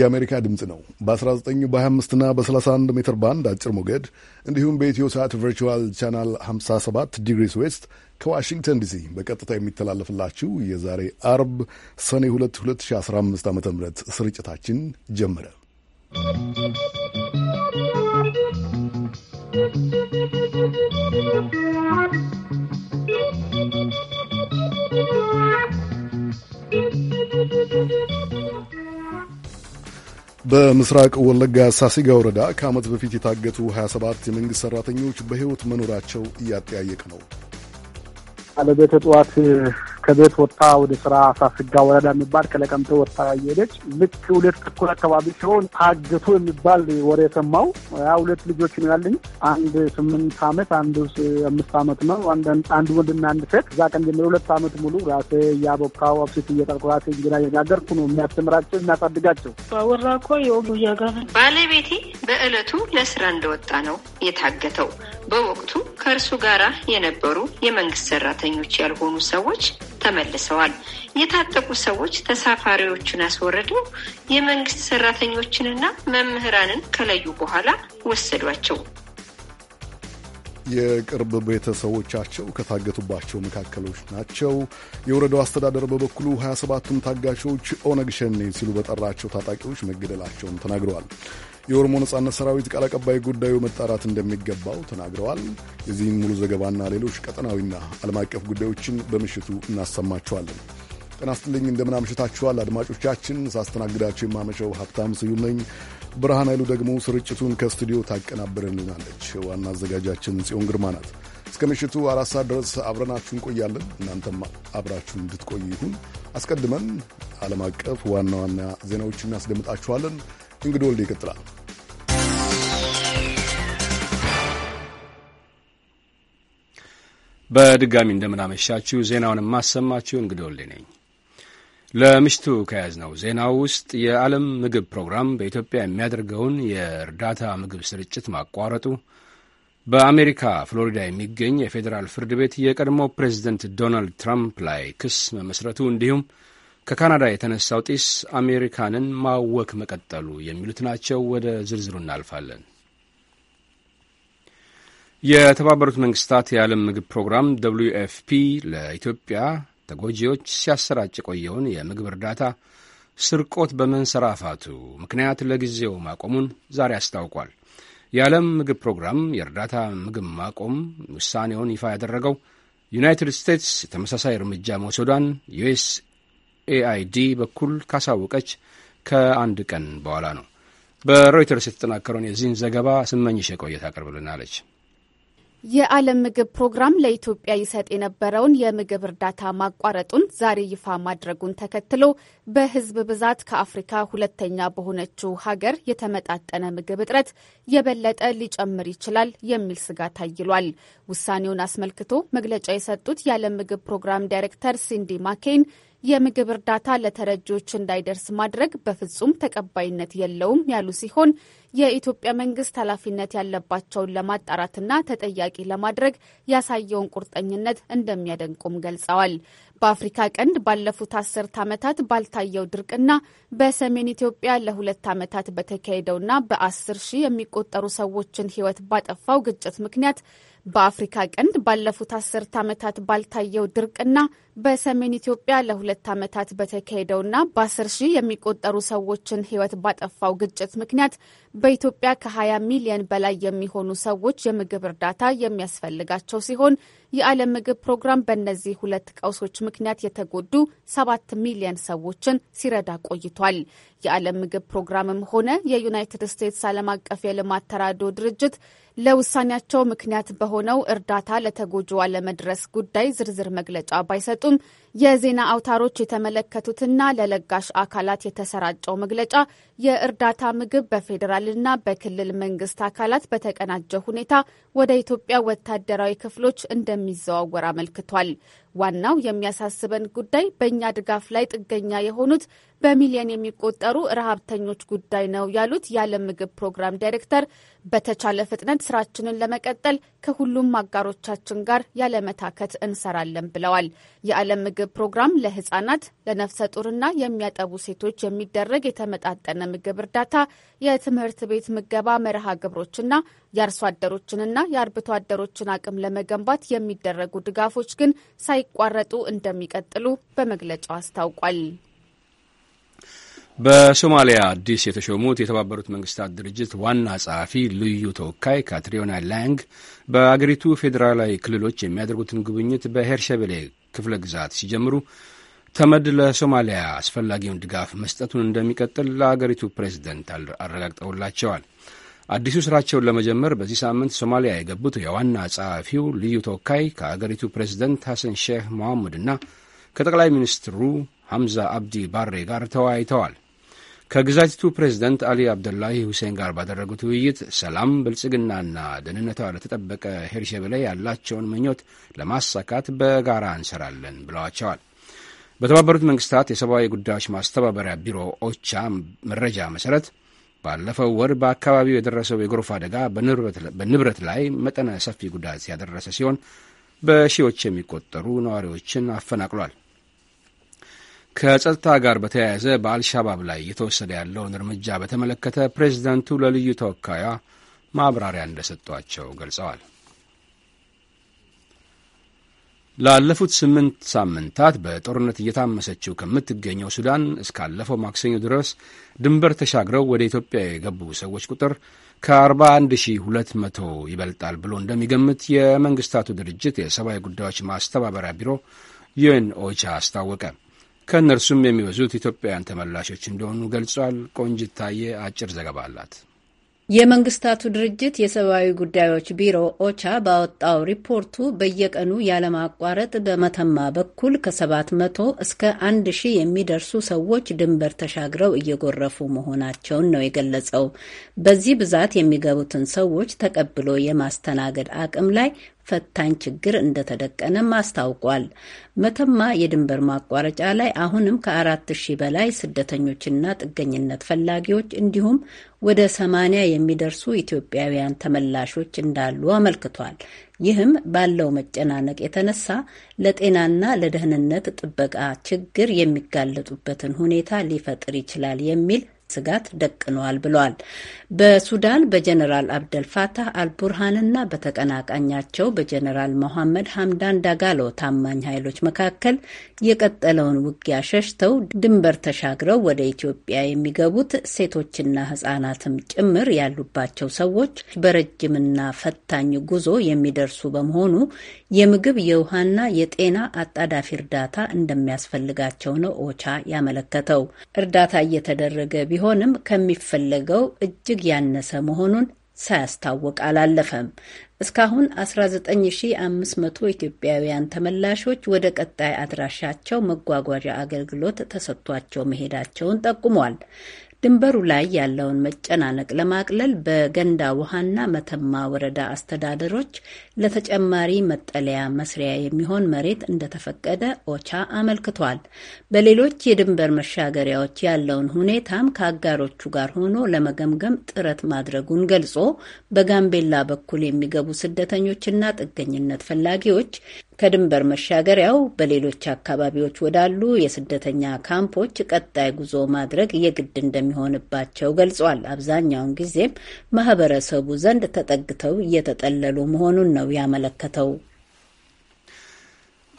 የአሜሪካ ድምፅ ነው። በ19 በ25ና በ31 ሜትር ባንድ አጭር ሞገድ እንዲሁም በኢትዮ ሰዓት ቨርቹዋል ቻናል 57 ዲግሪስ ዌስት ከዋሽንግተን ዲሲ በቀጥታ የሚተላለፍላችሁ የዛሬ አርብ ሰኔ 2 2015 ዓ ም ስርጭታችን ጀመረ። ¶¶ በምስራቅ ወለጋ ሳሲጋ ወረዳ ከዓመት በፊት የታገቱ 27 የመንግሥት ሠራተኞች በሕይወት መኖራቸው እያጠያየቅ ነው። አለቤተ ጠዋት ከቤት ወጥታ ወደ ስራ አሳስጋ ወረዳ የሚባል ከለቀምተ ወጥታ እየሄደች ልክ ሁለት ተኩል አካባቢ ሲሆን ታገቱ የሚባል ወሬ የሰማው ያ ሁለት ልጆች ነው ያለኝ። አንድ ስምንት አመት አንዱ አምስት አመት ነው። አንድ ወንድና አንድ ሴት። እዛ ቀን ጀምሮ ሁለት አመት ሙሉ ራሴ እያቦካው አብሴት እየጠርኩ ራሴ እንጀራ እየጋገርኩ ነው የሚያስተምራቸው የሚያሳድጋቸው። ወራ እኮ ባለቤቴ በእለቱ ለስራ እንደወጣ ነው የታገተው። በወቅቱ ከእርሱ ጋራ የነበሩ የመንግስት ሰራተኞች ያልሆኑ ሰዎች ተመልሰዋል። የታጠቁ ሰዎች ተሳፋሪዎችን ያስወረዱ የመንግስት ሰራተኞችንና መምህራንን ከለዩ በኋላ ወሰዷቸው። የቅርብ ቤተሰቦቻቸው ከታገቱባቸው መካከሎች ናቸው። የወረዳው አስተዳደር በበኩሉ 27ቱም ታጋቾች ኦነግ ሸኔ ሲሉ በጠራቸው ታጣቂዎች መገደላቸውን ተናግረዋል። የኦሮሞ ነጻነት ሰራዊት ቃል አቀባይ ጉዳዩ መጣራት እንደሚገባው ተናግረዋል። የዚህም ሙሉ ዘገባና ሌሎች ቀጠናዊና ዓለም አቀፍ ጉዳዮችን በምሽቱ እናሰማችኋለን። ጤና ይስጥልኝ፣ እንደምን አምሽታችኋል አድማጮቻችን። ሳስተናግዳችሁ የማመሸው ሀብታም ስዩም ነኝ። ብርሃን ኃይሉ ደግሞ ስርጭቱን ከስቱዲዮ ታቀናብርልናለች። ዋና አዘጋጃችን ጽዮን ግርማ ናት። እስከ ምሽቱ አራት ሰዓት ድረስ አብረናችሁ እንቆያለን። እናንተም አብራችሁ እንድትቆዩ ይሁን። አስቀድመን ዓለም አቀፍ ዋና ዋና ዜናዎች እናስደምጣችኋለን። እንግዲህ ወልድ ይቀጥላል። በድጋሚ እንደምናመሻችሁ ዜናውን የማሰማችሁ እንግዲህ ወልዴ ነኝ። ለምሽቱ ከያዝነው ዜና ውስጥ የዓለም ምግብ ፕሮግራም በኢትዮጵያ የሚያደርገውን የእርዳታ ምግብ ስርጭት ማቋረጡ፣ በአሜሪካ ፍሎሪዳ የሚገኝ የፌዴራል ፍርድ ቤት የቀድሞ ፕሬዚደንት ዶናልድ ትራምፕ ላይ ክስ መመስረቱ፣ እንዲሁም ከካናዳ የተነሳው ጢስ አሜሪካንን ማወክ መቀጠሉ የሚሉት ናቸው። ወደ ዝርዝሩ እናልፋለን። የተባበሩት መንግስታት የዓለም ምግብ ፕሮግራም ደብልዩ ኤፍፒ ለኢትዮጵያ ተጎጂዎች ሲያሰራጭ የቆየውን የምግብ እርዳታ ስርቆት በመንሰራፋቱ ምክንያት ለጊዜው ማቆሙን ዛሬ አስታውቋል። የዓለም ምግብ ፕሮግራም የእርዳታ ምግብ ማቆም ውሳኔውን ይፋ ያደረገው ዩናይትድ ስቴትስ ተመሳሳይ እርምጃ መውሰዷን ዩኤስ ኤአይዲ በኩል ካሳወቀች ከአንድ ቀን በኋላ ነው። በሮይተርስ የተጠናከረውን የዚህን ዘገባ ስመኝሽ የቆየት አቅርብልናለች። የዓለም ምግብ ፕሮግራም ለኢትዮጵያ ይሰጥ የነበረውን የምግብ እርዳታ ማቋረጡን ዛሬ ይፋ ማድረጉን ተከትሎ በሕዝብ ብዛት ከአፍሪካ ሁለተኛ በሆነችው ሀገር የተመጣጠነ ምግብ እጥረት የበለጠ ሊጨምር ይችላል የሚል ስጋት ታይሏል። ውሳኔውን አስመልክቶ መግለጫ የሰጡት የዓለም ምግብ ፕሮግራም ዳይሬክተር ሲንዲ ማኬን የምግብ እርዳታ ለተረጂዎች እንዳይደርስ ማድረግ በፍጹም ተቀባይነት የለውም ያሉ ሲሆን የኢትዮጵያ መንግስት ኃላፊነት ያለባቸውን ለማጣራትና ተጠያቂ ለማድረግ ያሳየውን ቁርጠኝነት እንደሚያደንቁም ገልጸዋል። በአፍሪካ ቀንድ ባለፉት አስርት ዓመታት ባልታየው ድርቅና በሰሜን ኢትዮጵያ ለሁለት ዓመታት በተካሄደውና በአስር ሺህ የሚቆጠሩ ሰዎችን ህይወት ባጠፋው ግጭት ምክንያት በአፍሪካ ቀንድ ባለፉት አስርት ዓመታት ባልታየው ድርቅና በሰሜን ኢትዮጵያ ለሁለት ዓመታት በተካሄደውና በአስር ሺህ የሚቆጠሩ ሰዎችን ሕይወት ባጠፋው ግጭት ምክንያት በኢትዮጵያ ከ20 ሚሊዮን በላይ የሚሆኑ ሰዎች የምግብ እርዳታ የሚያስፈልጋቸው ሲሆን የዓለም ምግብ ፕሮግራም በእነዚህ ሁለት ቀውሶች ምክንያት የተጎዱ ሰባት ሚሊየን ሰዎችን ሲረዳ ቆይቷል። የዓለም ምግብ ፕሮግራምም ሆነ የዩናይትድ ስቴትስ ዓለም አቀፍ የልማት ተራድኦ ድርጅት ለውሳኔያቸው ምክንያት በሆነው እርዳታ ለተጎጆ አለመድረስ ጉዳይ ዝርዝር መግለጫ ባይሰጡ ቢገልጡም የዜና አውታሮች የተመለከቱትና ለለጋሽ አካላት የተሰራጨው መግለጫ የእርዳታ ምግብ በፌዴራልና በክልል መንግስት አካላት በተቀናጀ ሁኔታ ወደ ኢትዮጵያ ወታደራዊ ክፍሎች እንደሚዘዋወር አመልክቷል። ዋናው የሚያሳስበን ጉዳይ በእኛ ድጋፍ ላይ ጥገኛ የሆኑት በሚሊዮን የሚቆጠሩ ረሃብተኞች ጉዳይ ነው ያሉት የዓለም ምግብ ፕሮግራም ዳይሬክተር፣ በተቻለ ፍጥነት ስራችንን ለመቀጠል ከሁሉም አጋሮቻችን ጋር ያለመታከት እንሰራለን ብለዋል። የዓለም ምግብ ፕሮግራም ለህጻናት፣ ለነፍሰ ጡርና የሚያጠቡ ሴቶች የሚደረግ የተመጣጠነ ምግብ እርዳታ፣ የትምህርት ቤት ምገባ መርሃ ግብሮችና የአርሶ አደሮችንና የአርብቶ አደሮችን አቅም ለመገንባት የሚደረጉ ድጋፎች ግን ሳይቋረጡ እንደሚቀጥሉ በመግለጫው አስታውቋል። በሶማሊያ አዲስ የተሾሙት የተባበሩት መንግስታት ድርጅት ዋና ጸሐፊ ልዩ ተወካይ ካትሪዮና ላንግ በአገሪቱ ፌዴራላዊ ክልሎች የሚያደርጉትን ጉብኝት በሄርሸቤሌ ክፍለ ግዛት ሲጀምሩ ተመድ ለሶማሊያ አስፈላጊውን ድጋፍ መስጠቱን እንደሚቀጥል ለአገሪቱ ፕሬዝደንት አረጋግጠውላቸዋል። አዲሱ ስራቸውን ለመጀመር በዚህ ሳምንት ሶማሊያ የገቡት የዋና ጸሐፊው ልዩ ተወካይ ከአገሪቱ ፕሬዝደንት ሐሰን ሼህ መሐሙድ እና ከጠቅላይ ሚኒስትሩ ሐምዛ አብዲ ባሬ ጋር ተወያይተዋል። ከግዛቲቱ ፕሬዝደንት አሊ አብደላሂ ሁሴን ጋር ባደረጉት ውይይት ሰላም፣ ብልጽግናና ደህንነቷ ለተጠበቀ ሄርሼብ ላይ ያላቸውን ምኞት ለማሳካት በጋራ እንሰራለን ብለዋቸዋል። በተባበሩት መንግስታት የሰብአዊ ጉዳዮች ማስተባበሪያ ቢሮ ኦቻ መረጃ መሠረት ባለፈው ወር በአካባቢው የደረሰው የጎርፍ አደጋ በንብረት ላይ መጠነ ሰፊ ጉዳት ያደረሰ ሲሆን በሺዎች የሚቆጠሩ ነዋሪዎችን አፈናቅሏል። ከጸጥታ ጋር በተያያዘ በአልሻባብ ላይ እየተወሰደ ያለውን እርምጃ በተመለከተ ፕሬዚዳንቱ ለልዩ ተወካዩ ማብራሪያ እንደሰጧቸው ገልጸዋል። ላለፉት ስምንት ሳምንታት በጦርነት እየታመሰችው ከምትገኘው ሱዳን እስካለፈው ማክሰኞ ድረስ ድንበር ተሻግረው ወደ ኢትዮጵያ የገቡ ሰዎች ቁጥር ከ41200 ይበልጣል ብሎ እንደሚገምት የመንግስታቱ ድርጅት የሰብአዊ ጉዳዮች ማስተባበሪያ ቢሮ ዩኤን ኦቻ አስታወቀ። ከእነርሱም የሚበዙት ኢትዮጵያውያን ተመላሾች እንደሆኑ ገልጿል። ቆንጅት ታየ አጭር ዘገባ አላት። የመንግስታቱ ድርጅት የሰብአዊ ጉዳዮች ቢሮ ኦቻ ባወጣው ሪፖርቱ በየቀኑ ያለማቋረጥ በመተማ በኩል ከ700 እስከ 1000 የሚደርሱ ሰዎች ድንበር ተሻግረው እየጎረፉ መሆናቸውን ነው የገለጸው። በዚህ ብዛት የሚገቡትን ሰዎች ተቀብሎ የማስተናገድ አቅም ላይ ፈታኝ ችግር እንደተደቀነም አስታውቋል። መተማ የድንበር ማቋረጫ ላይ አሁንም ከአራት ሺህ በላይ ስደተኞችና ጥገኝነት ፈላጊዎች እንዲሁም ወደ ሰማንያ የሚደርሱ ኢትዮጵያውያን ተመላሾች እንዳሉ አመልክቷል። ይህም ባለው መጨናነቅ የተነሳ ለጤናና ለደህንነት ጥበቃ ችግር የሚጋለጡበትን ሁኔታ ሊፈጥር ይችላል የሚል ስጋት ደቅነዋል ብሏል። በሱዳን በጀነራል አብደልፋታህ አልቡርሃንና በተቀናቃኛቸው በጀነራል መሐመድ ሀምዳን ዳጋሎ ታማኝ ኃይሎች መካከል የቀጠለውን ውጊያ ሸሽተው ድንበር ተሻግረው ወደ ኢትዮጵያ የሚገቡት ሴቶችና ህጻናትም ጭምር ያሉባቸው ሰዎች በረጅምና ፈታኝ ጉዞ የሚደርሱ በመሆኑ የምግብ የውሃና የጤና አጣዳፊ እርዳታ እንደሚያስፈልጋቸው ነው ኦቻ ያመለከተው። እርዳታ እየተደረገ ቢሆን ቢሆንም ከሚፈለገው እጅግ ያነሰ መሆኑን ሳያስታውቅ አላለፈም። እስካሁን 19500 ኢትዮጵያውያን ተመላሾች ወደ ቀጣይ አድራሻቸው መጓጓዣ አገልግሎት ተሰጥቷቸው መሄዳቸውን ጠቁሟል። ድንበሩ ላይ ያለውን መጨናነቅ ለማቅለል በገንዳ ውሃና መተማ ወረዳ አስተዳደሮች ለተጨማሪ መጠለያ መስሪያ የሚሆን መሬት እንደተፈቀደ ኦቻ አመልክቷል። በሌሎች የድንበር መሻገሪያዎች ያለውን ሁኔታም ከአጋሮቹ ጋር ሆኖ ለመገምገም ጥረት ማድረጉን ገልጾ በጋምቤላ በኩል የሚገቡ ስደተኞችና ጥገኝነት ፈላጊዎች ከድንበር መሻገሪያው በሌሎች አካባቢዎች ወዳሉ የስደተኛ ካምፖች ቀጣይ ጉዞ ማድረግ የግድ እንደሚሆንባቸው ገልጿል። አብዛኛውን ጊዜም ማህበረሰቡ ዘንድ ተጠግተው እየተጠለሉ መሆኑን ነው ያመለከተው።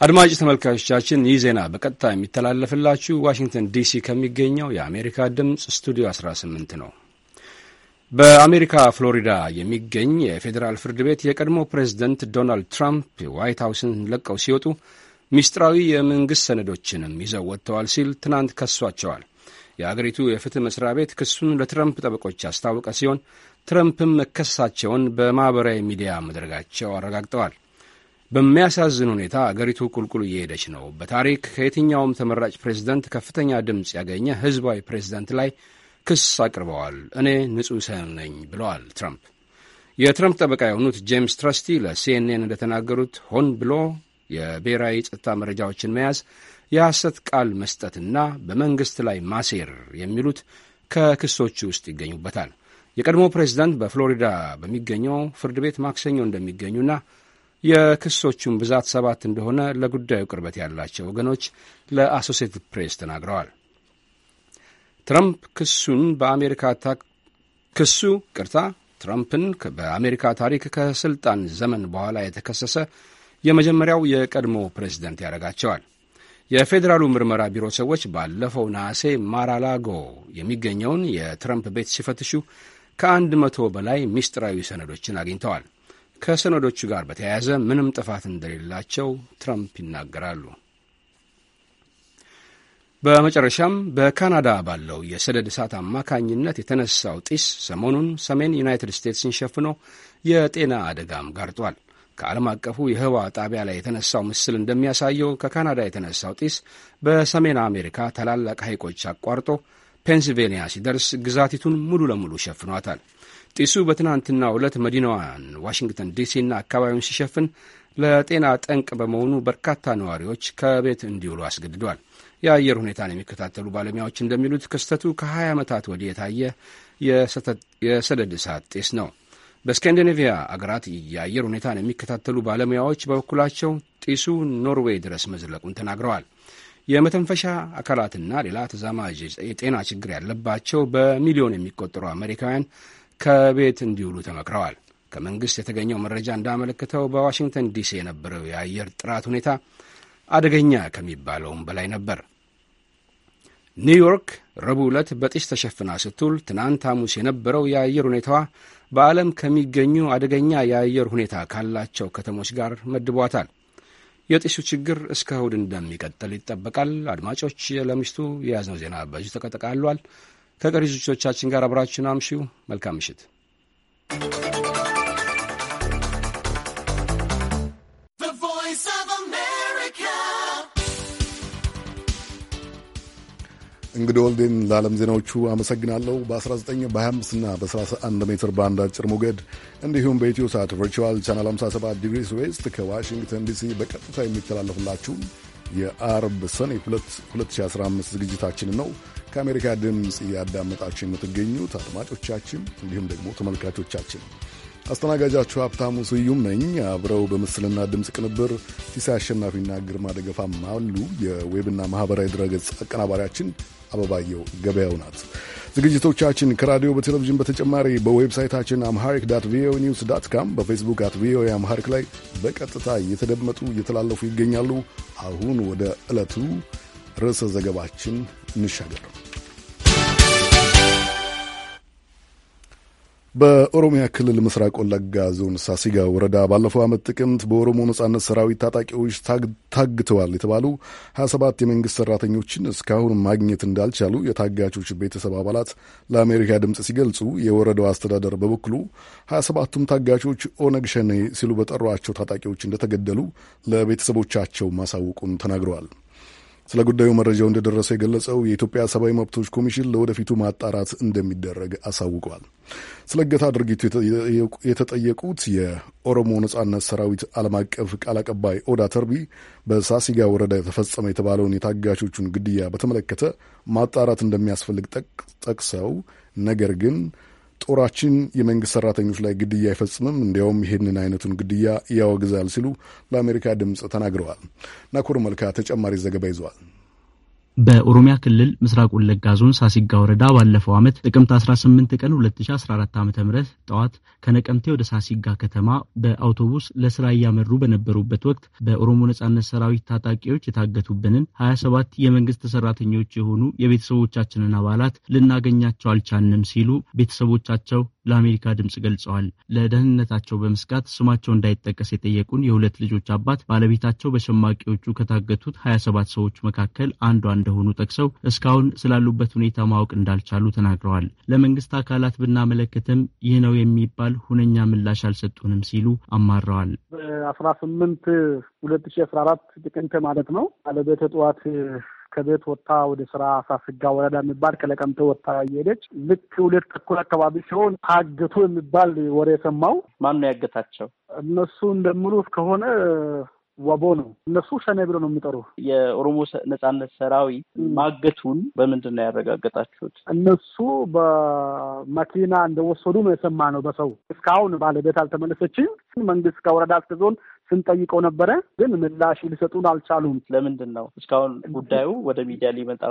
አድማጭ ተመልካቾቻችን ይህ ዜና በቀጥታ የሚተላለፍላችሁ ዋሽንግተን ዲሲ ከሚገኘው የአሜሪካ ድምፅ ስቱዲዮ 18 ነው። በአሜሪካ ፍሎሪዳ የሚገኝ የፌዴራል ፍርድ ቤት የቀድሞ ፕሬዝደንት ዶናልድ ትራምፕ ዋይት ሀውስን ለቀው ሲወጡ ሚስጥራዊ የመንግሥት ሰነዶችንም ይዘው ወጥተዋል ሲል ትናንት ከሷቸዋል። የአገሪቱ የፍትህ መስሪያ ቤት ክሱን ለትረምፕ ጠበቆች ያስታወቀ ሲሆን ትረምፕም መከሰሳቸውን በማኅበራዊ ሚዲያ መድረጋቸው አረጋግጠዋል። በሚያሳዝን ሁኔታ አገሪቱ ቁልቁል እየሄደች ነው። በታሪክ ከየትኛውም ተመራጭ ፕሬዝደንት ከፍተኛ ድምፅ ያገኘ ህዝባዊ ፕሬዝደንት ላይ ክስ አቅርበዋል። እኔ ንጹሕ ሰው ነኝ ብለዋል ትራምፕ። የትራምፕ ጠበቃ የሆኑት ጄምስ ትረስቲ ለሲኤንኤን እንደተናገሩት ሆን ብሎ የብሔራዊ ጸጥታ መረጃዎችን መያዝ፣ የሐሰት ቃል መስጠትና በመንግሥት ላይ ማሴር የሚሉት ከክሶቹ ውስጥ ይገኙበታል። የቀድሞ ፕሬዚዳንት በፍሎሪዳ በሚገኘው ፍርድ ቤት ማክሰኞ እንደሚገኙና የክሶቹን ብዛት ሰባት እንደሆነ ለጉዳዩ ቅርበት ያላቸው ወገኖች ለአሶሴትድ ፕሬስ ተናግረዋል። ትራምፕ ክሱን በአሜሪካ ክሱ ቅርታ ትራምፕን በአሜሪካ ታሪክ ከስልጣን ዘመን በኋላ የተከሰሰ የመጀመሪያው የቀድሞ ፕሬዝደንት ያደርጋቸዋል። የፌዴራሉ ምርመራ ቢሮ ሰዎች ባለፈው ነሐሴ ማራላጎ የሚገኘውን የትራምፕ ቤት ሲፈትሹ ከአንድ መቶ በላይ ሚስጥራዊ ሰነዶችን አግኝተዋል። ከሰነዶቹ ጋር በተያያዘ ምንም ጥፋት እንደሌላቸው ትራምፕ ይናገራሉ። በመጨረሻም በካናዳ ባለው የሰደድ እሳት አማካኝነት የተነሳው ጢስ ሰሞኑን ሰሜን ዩናይትድ ስቴትስን ሸፍኖ የጤና አደጋም ጋርጧል። ከዓለም አቀፉ የህዋ ጣቢያ ላይ የተነሳው ምስል እንደሚያሳየው ከካናዳ የተነሳው ጢስ በሰሜን አሜሪካ ታላላቅ ሐይቆች አቋርጦ ፔንስልቬንያ ሲደርስ ግዛቲቱን ሙሉ ለሙሉ ሸፍኗታል። ጢሱ በትናንትናው ዕለት መዲናዋን ዋሽንግተን ዲሲና አካባቢውን ሲሸፍን ለጤና ጠንቅ በመሆኑ በርካታ ነዋሪዎች ከቤት እንዲውሉ አስገድዷል። የአየር ሁኔታን የሚከታተሉ ባለሙያዎች እንደሚሉት ክስተቱ ከ20 ዓመታት ወዲህ የታየ የሰደድ እሳት ጤስ ነው። በስካንዲኔቪያ አገራት የአየር ሁኔታን የሚከታተሉ ባለሙያዎች በበኩላቸው ጢሱ ኖርዌይ ድረስ መዝለቁን ተናግረዋል። የመተንፈሻ አካላትና ሌላ ተዛማጅ የጤና ችግር ያለባቸው በሚሊዮን የሚቆጠሩ አሜሪካውያን ከቤት እንዲውሉ ተመክረዋል። ከመንግሥት የተገኘው መረጃ እንዳመለከተው በዋሽንግተን ዲሲ የነበረው የአየር ጥራት ሁኔታ አደገኛ ከሚባለውም በላይ ነበር። ኒውዮርክ ረቡዕ ዕለት በጢስ ተሸፍና ስትውል ትናንት ሐሙስ የነበረው የአየር ሁኔታዋ በዓለም ከሚገኙ አደገኛ የአየር ሁኔታ ካላቸው ከተሞች ጋር መድቧታል። የጢሱ ችግር እስከ እሁድ እንደሚቀጥል ይጠበቃል። አድማጮች፣ ለምሽቱ የያዝነው ዜና በዚሁ ተጠቃሏል። ከቀሪ ዝግጅቶቻችን ጋር አብራችን አምሺው። መልካም ምሽት። እንግዲህ ወልዴን ለዓለም ዜናዎቹ አመሰግናለሁ። በ19 በ25 እና በ31 ሜትር ባንድ አጭር ሞገድ እንዲሁም በኢትዮ ሳት ቨርቹዋል ቻናል 57 ዲግሪስ ዌስት ከዋሽንግተን ዲሲ በቀጥታ የሚተላለፍላችሁን የአርብ ሰኔ 2015 ዝግጅታችንን ነው ከአሜሪካ ድምፅ እያዳመጣችሁ የምትገኙት አድማጮቻችን፣ እንዲሁም ደግሞ ተመልካቾቻችን አስተናጋጃችሁ ሀብታሙ ስዩም ነኝ። አብረው በምስልና ድምፅ ቅንብር ሲሳይ አሸናፊና ግርማ ደገፋም አሉ። የዌብና ማህበራዊ ድረገጽ አቀናባሪያችን አበባየው ገበያው ናት። ዝግጅቶቻችን ከራዲዮ በቴሌቪዥን በተጨማሪ በዌብሳይታችን አምሃሪክ ዳት ቪኦኤ ኒውስ ዳት ካም፣ በፌስቡክ አት ቪኦኤ አምሃሪክ ላይ በቀጥታ እየተደመጡ እየተላለፉ ይገኛሉ። አሁን ወደ ዕለቱ ርዕሰ ዘገባችን እንሻገር። በኦሮሚያ ክልል ምስራቅ ወለጋ ዞን ሳሲጋ ወረዳ ባለፈው ዓመት ጥቅምት በኦሮሞ ነጻነት ሰራዊት ታጣቂዎች ታግተዋል የተባሉ 27 የመንግሥት ሠራተኞችን እስካሁን ማግኘት እንዳልቻሉ የታጋቾች ቤተሰብ አባላት ለአሜሪካ ድምፅ ሲገልጹ የወረዳው አስተዳደር በበኩሉ 27ቱም ታጋቾች ኦነግ ሸኔ ሲሉ በጠሯቸው ታጣቂዎች እንደተገደሉ ለቤተሰቦቻቸው ማሳወቁን ተናግረዋል። ስለ ጉዳዩ መረጃው እንደደረሰ የገለጸው የኢትዮጵያ ሰብአዊ መብቶች ኮሚሽን ለወደፊቱ ማጣራት እንደሚደረግ አሳውቋል። ስለ እገታ ድርጊቱ የተጠየቁት የኦሮሞ ነጻነት ሰራዊት ዓለም አቀፍ ቃል አቀባይ ኦዳ ተርቢ በሳሲጋ ወረዳ የተፈጸመ የተባለውን የታጋቾቹን ግድያ በተመለከተ ማጣራት እንደሚያስፈልግ ጠቅሰው ነገር ግን ጦራችን የመንግስት ሰራተኞች ላይ ግድያ አይፈጽምም፣ እንዲያውም ይህንን አይነቱን ግድያ ያወግዛል ሲሉ ለአሜሪካ ድምፅ ተናግረዋል። ናኮር መልካ ተጨማሪ ዘገባ ይዘዋል። በኦሮሚያ ክልል ምስራቅ ወለጋ ዞን ሳሲጋ ወረዳ ባለፈው ዓመት ጥቅምት 18 ቀን 2014 ም ጠዋት ከነቀምቴ ወደ ሳሲጋ ከተማ በአውቶቡስ ለስራ እያመሩ በነበሩበት ወቅት በኦሮሞ ነጻነት ሰራዊት ታጣቂዎች የታገቱብንን 27 የመንግስት ሰራተኞች የሆኑ የቤተሰቦቻችንን አባላት ልናገኛቸው አልቻንም ሲሉ ቤተሰቦቻቸው ለአሜሪካ ድምፅ ገልጸዋል። ለደህንነታቸው በመስጋት ስማቸው እንዳይጠቀስ የጠየቁን የሁለት ልጆች አባት ባለቤታቸው በሸማቂዎቹ ከታገቱት 27 ሰዎች መካከል አንዷ እንደሆኑ ጠቅሰው እስካሁን ስላሉበት ሁኔታ ማወቅ እንዳልቻሉ ተናግረዋል። ለመንግስት አካላት ብናመለክትም ይህ ነው የሚባል ሁነኛ ምላሽ አልሰጡንም ሲሉ አማረዋል። በአስራ ስምንት ሁለት ሺ አስራ አራት ጥቅምት ማለት ነው ባለቤተ ጠዋት ከቤት ወጥታ ወደ ስራ አሳስጋ ወረዳ የሚባል ከለቀምተ ወጥታ እየሄደች ልክ ሁለት ተኩል አካባቢ ሲሆን ታገቱ የሚባል ወሬ የሰማው። ማን ነው ያገታቸው? እነሱ እንደምሉት ከሆነ ወቦ ነው። እነሱ ሸኔ ብሎ ነው የሚጠሩ። የኦሮሞ ነጻነት ሰራዊት ማገቱን በምንድን ነው ያረጋገጣችሁት? እነሱ በመኪና እንደወሰዱ ነው የሰማ ነው በሰው። እስካሁን ባለቤት አልተመለሰችም። መንግስት ከወረዳ እስከ ዞን ስንጠይቀው ነበረ፣ ግን ምላሽ ሊሰጡን አልቻሉም። ለምንድን ነው እስካሁን ጉዳዩ ወደ ሚዲያ ሊመጣ?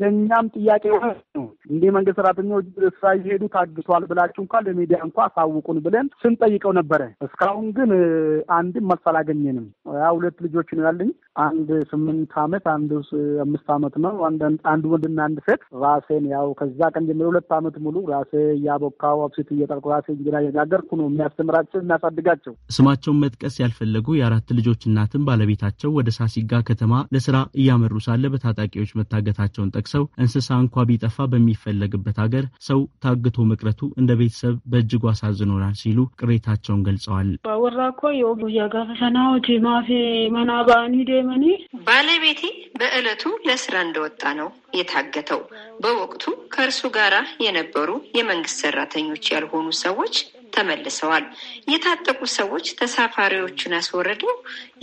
ለእኛም ጥያቄ ነው እንዲህ መንግስት ሰራተኞች ስራ እየሄዱ ታግቷል ብላችሁ እንኳን ለሚዲያ እንኳ አሳውቁን ብለን ስንጠይቀው ነበረ። እስካሁን ግን አንድም መልስ አላገኘንም። ሁለት ልጆች ነው ያለኝ አንድ ስምንት አመት አንድ አምስት አመት ነው። አንድ ወንድና አንድ ሴት ራሴን ያው ከዛ ቀን ጀምሮ ሁለት አመት ሙሉ ራሴ እያቦካው አብሴት እየጠርኩ ራሴ እንጀራ እየጋገርኩ ነው የሚያስተምራቸው የሚያሳድጋቸው። ስማቸውን መጥቀስ ያልፈለጉ የአራት ልጆች እናትም ባለቤታቸው ወደ ሳሲጋ ከተማ ለስራ እያመሩ ሳለ በታጣቂዎች መታገታቸውን ጠቅሰው እንስሳ እንኳ ቢጠፋ በሚፈለግበት ሀገር ሰው ታግቶ መቅረቱ እንደ ቤተሰብ በእጅጉ አሳዝኖናል ሲሉ ቅሬታቸውን ገልጸዋል። ወራኮ ኮ ማፌ መናባኒደ የመኔ ባለቤቴ በዕለቱ ለስራ እንደወጣ ነው የታገተው። በወቅቱ ከእርሱ ጋር የነበሩ የመንግስት ሰራተኞች ያልሆኑ ሰዎች ተመልሰዋል። የታጠቁ ሰዎች ተሳፋሪዎቹን አስወረደው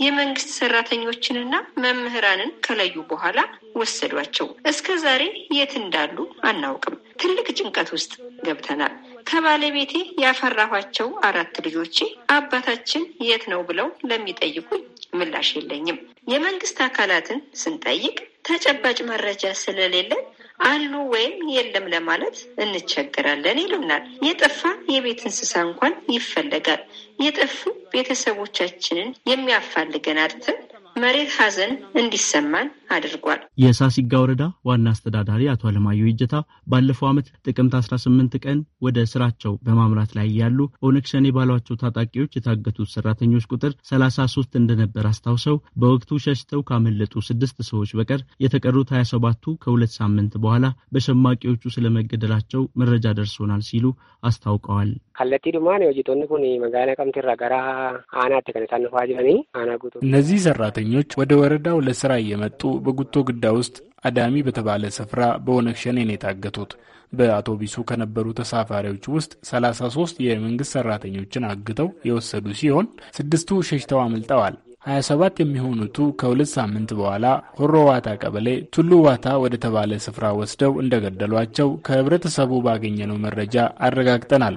የመንግስት ሰራተኞችንና መምህራንን ከለዩ በኋላ ወሰዷቸው። እስከ ዛሬ የት እንዳሉ አናውቅም። ትልቅ ጭንቀት ውስጥ ገብተናል። ከባለቤቴ ያፈራኋቸው አራት ልጆቼ አባታችን የት ነው ብለው ለሚጠይቁኝ ምላሽ የለኝም። የመንግስት አካላትን ስንጠይቅ ተጨባጭ መረጃ ስለሌለን አሉ ወይም የለም ለማለት እንቸገራለን ይሉናል። የጠፋ የቤት እንስሳ እንኳን ይፈለጋል። የጠፉ ቤተሰቦቻችንን የሚያፋልገን አጥተን መሬት ሀዘን እንዲሰማን አድርጓል። የሳሲጋ ወረዳ ዋና አስተዳዳሪ አቶ አለማየሁ እጀታ ባለፈው ዓመት ጥቅምት 18 ቀን ወደ ስራቸው በማምራት ላይ ያሉ ኦነግ ሸኔ ባሏቸው ታጣቂዎች የታገቱት ሰራተኞች ቁጥር 33 እንደነበር አስታውሰው በወቅቱ ሸሽተው ካመለጡ ስድስት ሰዎች በቀር የተቀሩት 27ቱ ከሁለት ሳምንት በኋላ በሸማቂዎቹ ስለመገደላቸው መረጃ ደርሶናል ሲሉ አስታውቀዋል። መጋና ከነሳንፋ ጅረኒ እነዚህ ሰራተኞች ወደ ወረዳው ለስራ እየመጡ በጉቶ ግዳ ውስጥ አዳሚ በተባለ ስፍራ በኦነግ ሸኔን የታገቱት። በአውቶቢሱ ከነበሩ ተሳፋሪዎች ውስጥ 33 የመንግስት ሰራተኞችን አግተው የወሰዱ ሲሆን ስድስቱ ሸሽተው አምልጠዋል። 27 የሚሆኑቱ ከሁለት ሳምንት በኋላ ሆሮ ዋታ ቀበሌ ቱሉ ዋታ ወደ ተባለ ስፍራ ወስደው እንደገደሏቸው ከህብረተሰቡ ባገኘነው መረጃ አረጋግጠናል።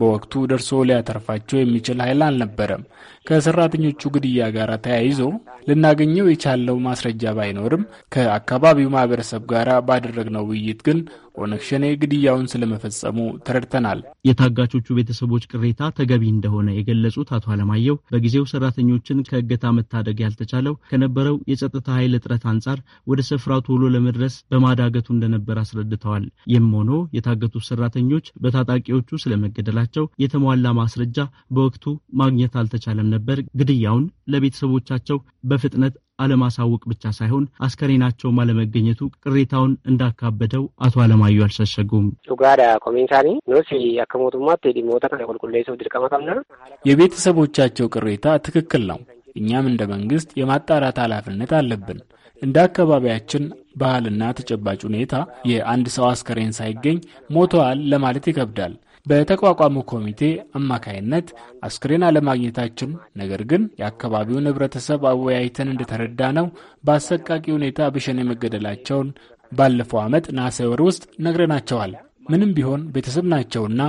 በወቅቱ ደርሶ ሊያተርፋቸው የሚችል ኃይል አልነበረም። ከሰራተኞቹ ግድያ ጋር ተያይዞ ልናገኘው የቻለው ማስረጃ ባይኖርም ከአካባቢው ማህበረሰብ ጋር ባደረግነው ውይይት ግን ኦነግ ሸኔ ግድያውን ስለመፈጸሙ ተረድተናል። የታጋቾቹ ቤተሰቦች ቅሬታ ተገቢ እንደሆነ የገለጹት አቶ አለማየሁ በጊዜው ሰራተኞችን ከእገታ መታደግ ያልተቻለው ከነበረው የጸጥታ ኃይል እጥረት አንጻር ወደ ስፍራው ቶሎ ለመድረስ በማዳገቱ እንደነበር አስረድተዋል። ይህም ሆኖ የታገቱት ሰራተኞች በታጣቂዎቹ ስለመገደላቸው የተሟላ ማስረጃ በወቅቱ ማግኘት አልተቻለም ነበር። ግድያውን ለቤተሰቦቻቸው በፍጥነት አለማሳወቅ ብቻ ሳይሆን አስከሬናቸው አለመገኘቱ ቅሬታውን እንዳካበደው አቶ አለማዩ አልሸሸጉም። የቤተሰቦቻቸው ቅሬታ ትክክል ነው። እኛም እንደ መንግስት የማጣራት ኃላፊነት አለብን። እንደ አካባቢያችን ባህልና ተጨባጭ ሁኔታ የአንድ ሰው አስከሬን ሳይገኝ ሞተዋል ለማለት ይከብዳል። በተቋቋመ ኮሚቴ አማካይነት አስክሬን አለማግኘታችን፣ ነገር ግን የአካባቢውን ህብረተሰብ አወያይተን እንደተረዳ ነው በአሰቃቂ ሁኔታ ብሸኔ መገደላቸውን ባለፈው ዓመት ነሐሴ ወር ውስጥ ነግረናቸዋል። ምንም ቢሆን ቤተሰብ ናቸውና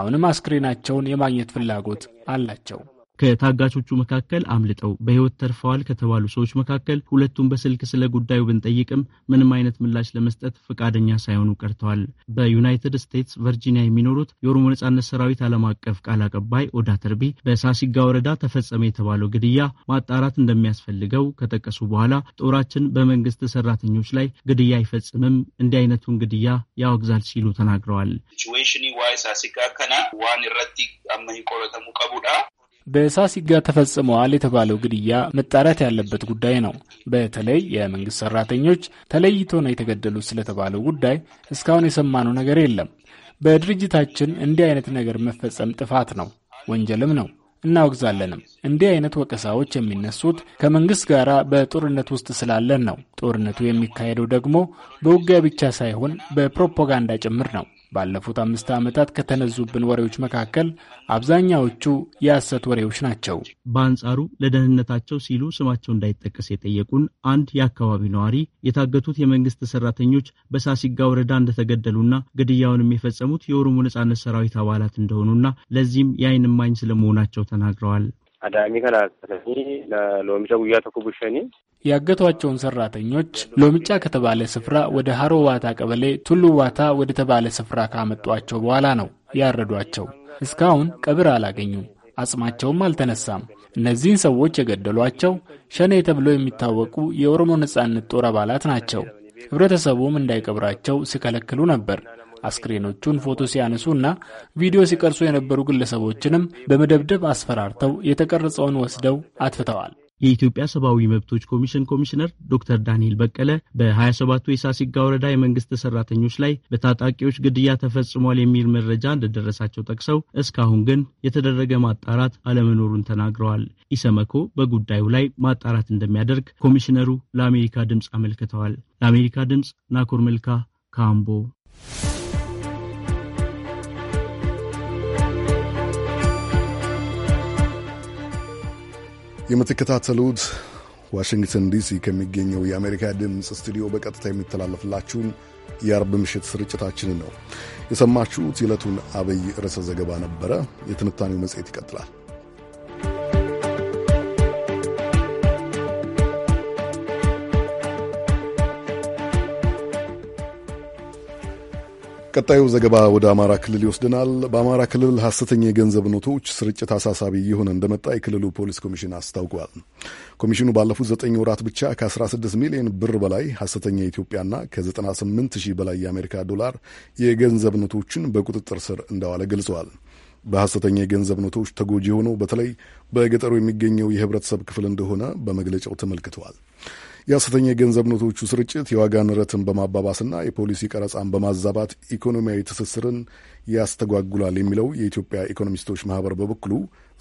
አሁንም አስክሬናቸውን የማግኘት ፍላጎት አላቸው። ከታጋቾቹ መካከል አምልጠው በህይወት ተርፈዋል ከተባሉ ሰዎች መካከል ሁለቱን በስልክ ስለ ጉዳዩ ብንጠይቅም ምንም አይነት ምላሽ ለመስጠት ፈቃደኛ ሳይሆኑ ቀርተዋል። በዩናይትድ ስቴትስ ቨርጂኒያ የሚኖሩት የኦሮሞ ነጻነት ሰራዊት ዓለም አቀፍ ቃል አቀባይ ኦዳ ተርቢ በሳሲጋ ወረዳ ተፈጸመ የተባለው ግድያ ማጣራት እንደሚያስፈልገው ከጠቀሱ በኋላ ጦራችን በመንግስት ሰራተኞች ላይ ግድያ አይፈጽምም፣ እንዲህ አይነቱን ግድያ ያወግዛል ሲሉ ተናግረዋል። በሳሲጋ ተፈጽመዋል የተባለው ግድያ መጣራት ያለበት ጉዳይ ነው። በተለይ የመንግስት ሰራተኞች ተለይቶ ነው የተገደሉት ስለተባለው ጉዳይ እስካሁን የሰማነው ነገር የለም። በድርጅታችን እንዲህ አይነት ነገር መፈጸም ጥፋት ነው፣ ወንጀልም ነው፣ እናወግዛለንም። እንዲህ አይነት ወቀሳዎች የሚነሱት ከመንግስት ጋር በጦርነት ውስጥ ስላለን ነው። ጦርነቱ የሚካሄደው ደግሞ በውጊያ ብቻ ሳይሆን በፕሮፓጋንዳ ጭምር ነው። ባለፉት አምስት ዓመታት ከተነዙብን ወሬዎች መካከል አብዛኛዎቹ የሐሰት ወሬዎች ናቸው። በአንጻሩ ለደህንነታቸው ሲሉ ስማቸው እንዳይጠቀስ የጠየቁን አንድ የአካባቢ ነዋሪ የታገቱት የመንግስት ሰራተኞች በሳሲጋ ወረዳ እንደተገደሉና ግድያውን የፈጸሙት የኦሮሞ ነጻነት ሰራዊት አባላት እንደሆኑና ለዚህም የአይን እማኝ ስለመሆናቸው ተናግረዋል። አዳሚ ከናሰኒ ለሎሚጫ ጉያ ተኩ ቡሸኒ ያገቷቸውን ሰራተኞች ሎሚጫ ከተባለ ስፍራ ወደ ሀሮ ዋታ ቀበሌ ቱሉ ዋታ ወደ ተባለ ስፍራ ካመጧቸው በኋላ ነው ያረዷቸው። እስካሁን ቀብር አላገኙም፣ አጽማቸውም አልተነሳም። እነዚህን ሰዎች የገደሏቸው ሸኔ ተብሎ የሚታወቁ የኦሮሞ ነጻነት ጦር አባላት ናቸው። ህብረተሰቡም እንዳይቀብራቸው ሲከለክሉ ነበር። አስክሬኖቹን ፎቶ ሲያነሱ እና ቪዲዮ ሲቀርጹ የነበሩ ግለሰቦችንም በመደብደብ አስፈራርተው የተቀረጸውን ወስደው አጥፍተዋል። የኢትዮጵያ ሰብአዊ መብቶች ኮሚሽን ኮሚሽነር ዶክተር ዳንኤል በቀለ በ27ቱ የሳሲጋ ወረዳ የመንግስት ሰራተኞች ላይ በታጣቂዎች ግድያ ተፈጽሟል የሚል መረጃ እንደደረሳቸው ጠቅሰው እስካሁን ግን የተደረገ ማጣራት አለመኖሩን ተናግረዋል። ኢሰመኮ በጉዳዩ ላይ ማጣራት እንደሚያደርግ ኮሚሽነሩ ለአሜሪካ ድምፅ አመልክተዋል። ለአሜሪካ ድምፅ ናኮር መልካ ካምቦ የምትከታተሉት ዋሽንግተን ዲሲ ከሚገኘው የአሜሪካ ድምፅ ስቱዲዮ በቀጥታ የሚተላለፍላችሁን የአርብ ምሽት ስርጭታችንን ነው። የሰማችሁት የዕለቱን አብይ ርዕሰ ዘገባ ነበረ። የትንታኔው መጽሔት ይቀጥላል። ቀጣዩ ዘገባ ወደ አማራ ክልል ይወስደናል። በአማራ ክልል ሐሰተኛ የገንዘብ ኖቶች ስርጭት አሳሳቢ እየሆነ እንደመጣ የክልሉ ፖሊስ ኮሚሽን አስታውቋል። ኮሚሽኑ ባለፉት ዘጠኝ ወራት ብቻ ከ16 ሚሊዮን ብር በላይ ሐሰተኛ የኢትዮጵያና ከ98 ሺህ በላይ የአሜሪካ ዶላር የገንዘብ ኖቶችን በቁጥጥር ስር እንደዋለ ገልጸዋል። በሐሰተኛ የገንዘብ ኖቶች ተጎጂ የሆነው በተለይ በገጠሩ የሚገኘው የህብረተሰብ ክፍል እንደሆነ በመግለጫው ተመልክተዋል። የሐሰተኛ የገንዘብ ኖቶቹ ስርጭት የዋጋ ንረትን በማባባስና የፖሊሲ ቀረጻን በማዛባት ኢኮኖሚያዊ ትስስርን ያስተጓጉላል የሚለው የኢትዮጵያ ኢኮኖሚስቶች ማህበር በበኩሉ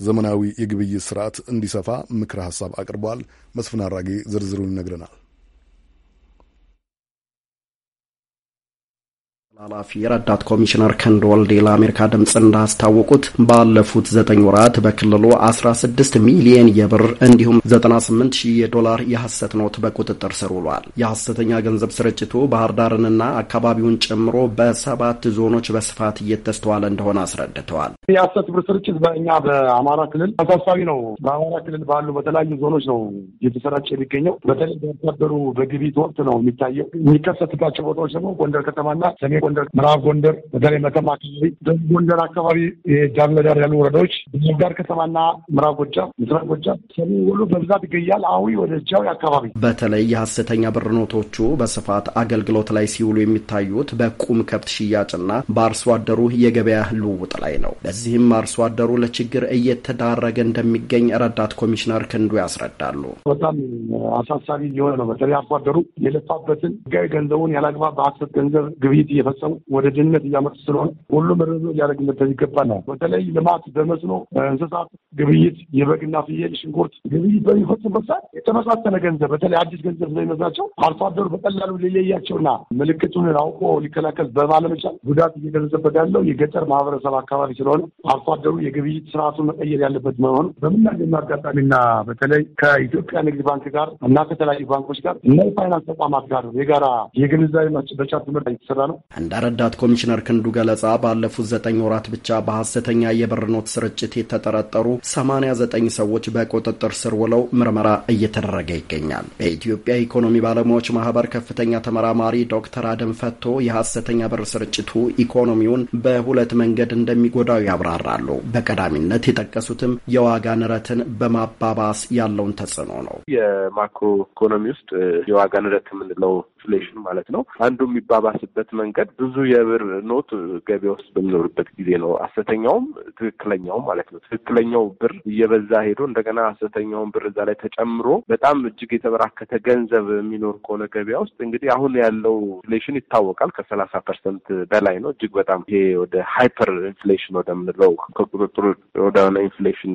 ዘመናዊ የግብይት ስርዓት እንዲሰፋ ምክረ ሀሳብ አቅርቧል። መስፍን አራጌ ዝርዝሩን ይነግረናል። ኃላፊ ረዳት ኮሚሽነር ክንድ ወልዴ ለአሜሪካ ድምፅ እንዳስታወቁት ባለፉት ዘጠኝ ወራት በክልሉ 16 ሚሊየን የብር እንዲሁም 98 ሺህ የዶላር የሐሰት ኖት በቁጥጥር ስር ውሏል። የሐሰተኛ ገንዘብ ስርጭቱ ባህር ዳርንና አካባቢውን ጨምሮ በሰባት ዞኖች በስፋት እየተስተዋለ እንደሆነ አስረድተዋል። የሐሰት ትምህርት ስርጭት በእኛ በአማራ ክልል አሳሳቢ ነው። በአማራ ክልል ባሉ በተለያዩ ዞኖች ነው እየተሰራጨ የሚገኘው። በተለይ በወታደሩ በግቢት ወቅት ነው የሚታየው። የሚከሰትባቸው ቦታዎች ደግሞ ጎንደር ከተማና ሰሜን ጎንደር፣ ምዕራብ ጎንደር፣ በተለይ መተማ አካባቢ፣ ደቡብ ጎንደር አካባቢ ዳርለዳር ያሉ ወረዳዎች፣ ዳር ከተማና ምዕራብ ጎጃም፣ ምስራቅ ጎጃም፣ ሰሜን ወሎ በብዛት ይገኛል። አዊ ወደ ጃዊ አካባቢ በተለይ የሐሰተኛ ብር ኖቶቹ በስፋት አገልግሎት ላይ ሲውሉ የሚታዩት በቁም ከብት ሽያጭና በአርሶ አደሩ የገበያ ልውውጥ ላይ ነው። በዚህም አርሶ አደሩ ለችግር እየተዳረገ እንደሚገኝ ረዳት ኮሚሽነር ክንዱ ያስረዳሉ። በጣም አሳሳቢ እየሆነ ነው። በተለይ አርሶ አደሩ የለፋበትን ሕጋዊ ገንዘቡን ያላግባብ በሐሰት ገንዘብ ግብይት እየፈጸሙ ወደ ድህነት እያመጡ ስለሆነ ሁሉም ርብ ይገባ ነው። በተለይ ልማት በመስኖ እንስሳት ግብይት፣ የበግና ፍየል ሽንኩርት ግብይት በሚፈጽሙበት ሰዓት የተመሳሰነ ገንዘብ በተለይ አዲስ ገንዘብ ስለሚመስላቸው አርሶ አደሩ በቀላሉ ሊለያቸውና ምልክቱን አውቆ ሊከላከል በማለመቻል ጉዳት እየደረሰበት ያለው የገጠር ማህበረሰብ አካባቢ ስለሆነ አርሶ አደሩ የግብይት ስርዓቱን መቀየር ያለበት መሆኑ በምናገኘው አጋጣሚና በተለይ ከኢትዮጵያ ንግድ ባንክ ጋር እና ከተለያዩ ባንኮች ጋር እና የፋይናንስ ተቋማት ጋር የጋራ የግንዛቤ ማስጨበጫ ትምህርት የተሰራ ነው። እንደ ረዳት ኮሚሽነር ክንዱ ገለጻ ባለፉት ዘጠኝ ወራት ብቻ በሀሰተኛ የብር ኖት ስርጭት የተጠረጠሩ ሰማንያ ዘጠኝ ሰዎች በቁጥጥር ስር ውለው ምርመራ እየተደረገ ይገኛል። በኢትዮጵያ ኢኮኖሚ ባለሙያዎች ማህበር ከፍተኛ ተመራማሪ ዶክተር አደም ፈቶ የሀሰተኛ ብር ስርጭቱ ኢኮኖሚውን በሁለት መንገድ እንደሚጎዳው ያብራራሉ። በቀዳሚነት የጠቀሱትም የዋጋ ንረትን በማባባስ ያለውን ተጽዕኖ ነው። የማክሮ ኢኮኖሚ ውስጥ የዋጋ ንረት የምንለው ኢንፍሌሽን ማለት ነው። አንዱ የሚባባስበት መንገድ ብዙ የብር ኖት ገበያ ውስጥ በሚኖርበት ጊዜ ነው። ሐሰተኛውም ትክክለኛውም ማለት ነው። ትክክለኛው ብር እየበዛ ሄዶ እንደገና ሐሰተኛውን ብር እዛ ላይ ተጨምሮ በጣም እጅግ የተበራከተ ገንዘብ የሚኖር ከሆነ ገበያ ውስጥ እንግዲህ አሁን ያለው ኢንፍሌሽን ይታወቃል። ከሰላሳ ፐርሰንት በላይ ነው። እጅግ በጣም ይሄ ወደ ሃይፐር ኢንፍሌሽን ወደምንለው ከቁጥጥር ወደሆነ ኢንፍሌሽን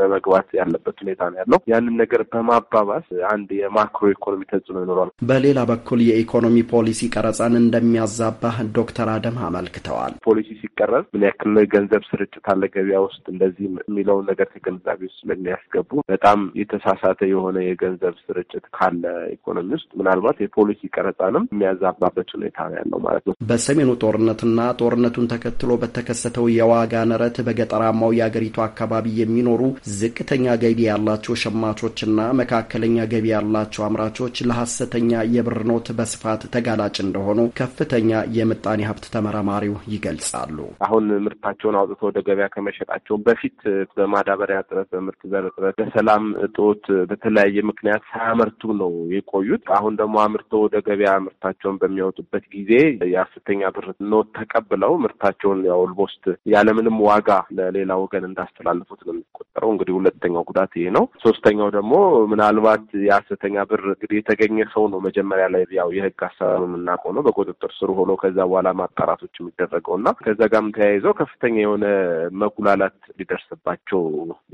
ለመግባት ያለበት ሁኔታ ነው ያለው። ያንን ነገር በማባባስ አንድ የማክሮ ኢኮኖሚ ተጽዕኖ ይኖሯል። በሌላ በኩል የኢኮኖሚ ፖሊሲ ቀረጻን እንደሚያዛባ ዶክተር አደም አመልክተዋል። ፖሊሲ ሲቀረጽ ምን ያክል ገንዘብ ስርጭት አለ ገበያ ውስጥ እንደዚህ የሚለውን ነገር ከግንዛቤ ውስጥ ስለሚያስገቡ በጣም የተሳሳተ የሆነ የገንዘብ ስርጭት ካለ ኢኮኖሚ ውስጥ ምናልባት የፖሊሲ ቀረጻንም የሚያዛባበት ሁኔታ ነው ያለው ማለት ነው። በሰሜኑ ጦርነትና ጦርነቱን ተከትሎ በተከሰተው የዋጋ ንረት በገጠራማው የአገሪቱ አካባቢ የሚኖሩ ዝቅተኛ ገቢ ያላቸው ሸማቾችና መካከለኛ ገቢ ያላቸው አምራቾች ለሀሰተኛ የብር ነው። ለለውጥ በስፋት ተጋላጭ እንደሆኑ ከፍተኛ የምጣኔ ሀብት ተመራማሪው ይገልጻሉ። አሁን ምርታቸውን አውጥቶ ወደ ገበያ ከመሸጣቸው በፊት በማዳበሪያ እጥረት፣ በምርት ዘር እጥረት፣ በሰላም እጦት፣ በተለያየ ምክንያት ሳያመርቱ ነው የቆዩት። አሁን ደግሞ አምርተው ወደ ገበያ ምርታቸውን በሚያወጡበት ጊዜ የአስርተኛ ብር ኖት ተቀብለው ምርታቸውን ያው ኦልሞስት ያለምንም ዋጋ ለሌላ ወገን እንዳስተላልፉት ነው የሚቆጠረው። እንግዲህ ሁለተኛው ጉዳት ይሄ ነው። ሶስተኛው ደግሞ ምናልባት የአስርተኛ ብር እንግዲህ የተገኘ ሰው ነው መጀመሪያ ላይ ያው የህግ አሰራሩ የምናውቀው ነው። በቁጥጥር ስር ሆኖ ከዛ በኋላ ማጣራቶች የሚደረገው እና ከዛ ጋርም ተያይዘው ከፍተኛ የሆነ መጉላላት ሊደርስባቸው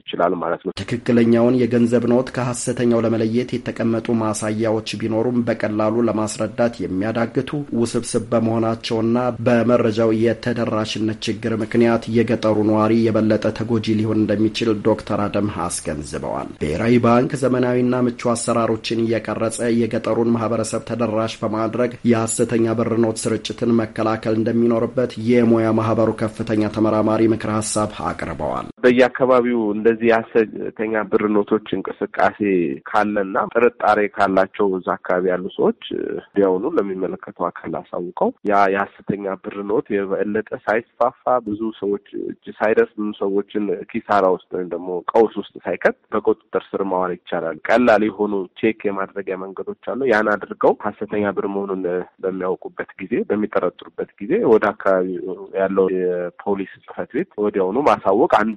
ይችላል ማለት ነው። ትክክለኛውን የገንዘብ ኖት ከሀሰተኛው ለመለየት የተቀመጡ ማሳያዎች ቢኖሩም በቀላሉ ለማስረዳት የሚያዳግቱ ውስብስብ በመሆናቸውና በመረጃው የተደራሽነት ችግር ምክንያት የገጠሩ ነዋሪ የበለጠ ተጎጂ ሊሆን እንደሚችል ዶክተር አደም አስገንዝበዋል። ብሔራዊ ባንክ ዘመናዊና ምቹ አሰራሮችን እየቀረጸ የገጠሩን ማህበረሰብ ተደ ተደራሽ በማድረግ የሐሰተኛ ብር ኖት ስርጭትን መከላከል እንደሚኖርበት የሙያ ማህበሩ ከፍተኛ ተመራማሪ ምክረ ሀሳብ አቅርበዋል። በየአካባቢው እንደዚህ የሐሰተኛ ብር ኖቶች እንቅስቃሴ ካለና ጥርጣሬ ካላቸው እዛ አካባቢ ያሉ ሰዎች እንዲያውኑ ለሚመለከተው አካል አሳውቀው ያ የሐሰተኛ ብር ኖት የበለጠ ሳይስፋፋ ብዙ ሰዎች እጅ ሳይደርስ ብዙ ሰዎችን ኪሳራ ውስጥ ወይም ደግሞ ቀውስ ውስጥ ሳይከት በቁጥጥር ስር ማዋል ይቻላል። ቀላል የሆኑ ቼክ የማድረጊያ መንገዶች አሉ። ያን አድርገው ሐሰተኛ ብር መሆኑን በሚያውቁበት ጊዜ፣ በሚጠረጥሩበት ጊዜ ወደ አካባቢ ያለው የፖሊስ ጽሕፈት ቤት ወዲያውኑ ማሳወቅ አንዱ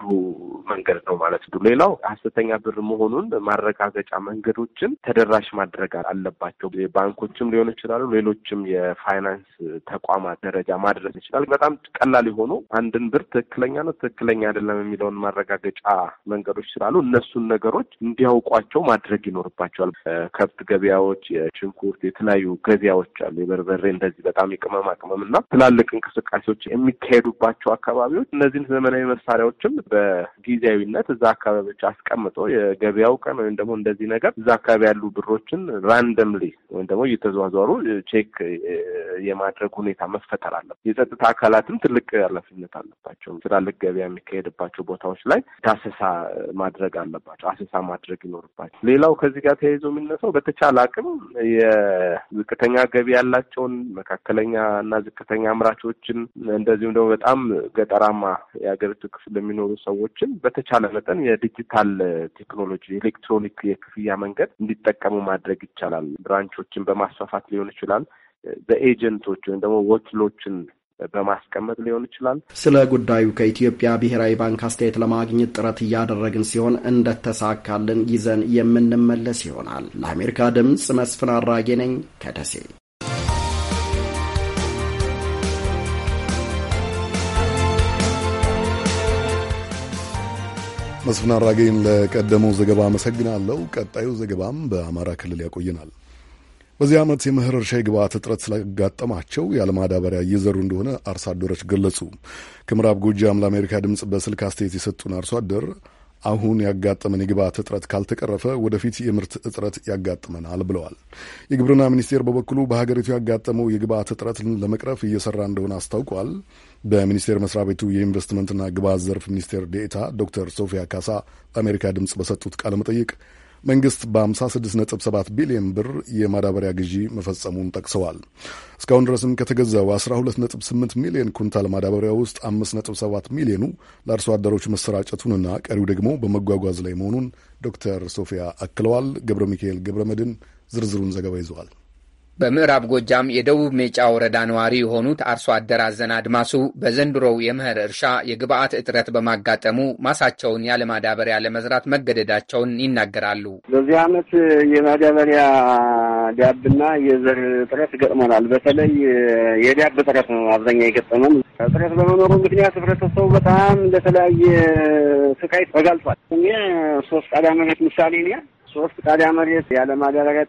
መንገድ ነው ማለት ነው። ሌላው ሀሰተኛ ብር መሆኑን ማረጋገጫ መንገዶችን ተደራሽ ማድረግ አለባቸው። ባንኮችም ሊሆን ይችላሉ፣ ሌሎችም የፋይናንስ ተቋማት ደረጃ ማድረስ ይችላል። በጣም ቀላል የሆኑ አንድን ብር ትክክለኛ ነው ትክክለኛ አይደለም የሚለውን ማረጋገጫ መንገዶች ስላሉ እነሱን ነገሮች እንዲያውቋቸው ማድረግ ይኖርባቸዋል። ከብት ገበያዎች፣ የሽንኩርት የተለያዩ ገበያዎች አሉ። የበርበሬ እንደዚህ በጣም የቅመማ ቅመም እና ትላልቅ እንቅስቃሴዎች የሚካሄዱባቸው አካባቢዎች እነዚህን ዘመናዊ መሳሪያዎችም በ በጊዜያዊነት እዛ አካባቢዎች አስቀምጦ የገበያው ቀን ወይም ደግሞ እንደዚህ ነገር እዛ አካባቢ ያሉ ብሮችን ራንደምሊ ወይም ደግሞ እየተዘዋዘሩ ቼክ የማድረግ ሁኔታ መፈጠር አለ። የጸጥታ አካላትም ትልቅ ኃላፊነት አለባቸው። ትላልቅ ገበያ የሚካሄድባቸው ቦታዎች ላይ ዳሰሳ ማድረግ አለባቸው፣ አሰሳ ማድረግ ይኖርባቸው። ሌላው ከዚህ ጋር ተያይዞ የሚነሳው በተቻለ አቅም የዝቅተኛ ገቢ ያላቸውን መካከለኛ እና ዝቅተኛ አምራቾችን እንደዚሁም ደግሞ በጣም ገጠራማ የሀገሪቱ ክፍል የሚኖሩ ሰዎችን በተቻለ መጠን የዲጂታል ቴክኖሎጂ ኤሌክትሮኒክ የክፍያ መንገድ እንዲጠቀሙ ማድረግ ይቻላል። ብራንቾችን በማስፋፋት ሊሆን ይችላል። በኤጀንቶች ወይም ደግሞ ወኪሎችን በማስቀመጥ ሊሆን ይችላል። ስለ ጉዳዩ ከኢትዮጵያ ብሔራዊ ባንክ አስተያየት ለማግኘት ጥረት እያደረግን ሲሆን እንደተሳካልን ይዘን የምንመለስ ይሆናል። ለአሜሪካ ድምፅ መስፍን አራጌ ነኝ ከደሴ። መስፍን አራጌን ለቀደመው ዘገባ አመሰግናለሁ። ቀጣዩ ዘገባም በአማራ ክልል ያቆየናል። በዚህ ዓመት የመኸር እርሻ የግብአት እጥረት ስላጋጠማቸው የአለማዳበሪያ እየዘሩ እንደሆነ አርሶ አደሮች ገለጹ። ከምዕራብ ጎጃም ለአሜሪካ ድምፅ በስልክ አስተያየት የሰጡን አርሶ አደር አሁን ያጋጠመን የግብአት እጥረት ካልተቀረፈ ወደፊት የምርት እጥረት ያጋጥመናል ብለዋል። የግብርና ሚኒስቴር በበኩሉ በሀገሪቱ ያጋጠመው የግብዓት እጥረትን ለመቅረፍ እየሰራ እንደሆነ አስታውቋል። በሚኒስቴር መስሪያ ቤቱ የኢንቨስትመንትና ግብዓት ዘርፍ ሚኒስቴር ዴኤታ ዶክተር ሶፊያ ካሳ ለአሜሪካ ድምፅ በሰጡት ቃለ መጠይቅ መንግስት በ56.7 ቢሊዮን ብር የማዳበሪያ ግዢ መፈጸሙን ጠቅሰዋል። እስካሁን ድረስም ከተገዛው 12.8 ሚሊዮን ኩንታል ማዳበሪያ ውስጥ 5.7 ሚሊዮኑ ለአርሶ አደሮች መሰራጨቱንና ቀሪው ደግሞ በመጓጓዝ ላይ መሆኑን ዶክተር ሶፊያ አክለዋል። ገብረ ሚካኤል ገብረ መድን ዝርዝሩን ዘገባ ይዘዋል። በምዕራብ ጎጃም የደቡብ ሜጫ ወረዳ ነዋሪ የሆኑት አርሶ አደር አዘን አድማሱ በዘንድሮው የምህር እርሻ የግብአት እጥረት በማጋጠሙ ማሳቸውን ያለ ማዳበሪያ ለመዝራት መገደዳቸውን ይናገራሉ። በዚህ ዓመት የማዳበሪያ ዳብና የዘር እጥረት ገጥመናል። በተለይ የዳብ እጥረት ነው አብዛኛ የገጠመን። እጥረት በመኖሩ ምክንያት ህብረተሰቡ በጣም ለተለያየ ስቃይ ተጋልጧል። ሶስት ቃዳ መሬት ምሳሌ ሶስት ቃሪያ መሬት ያለ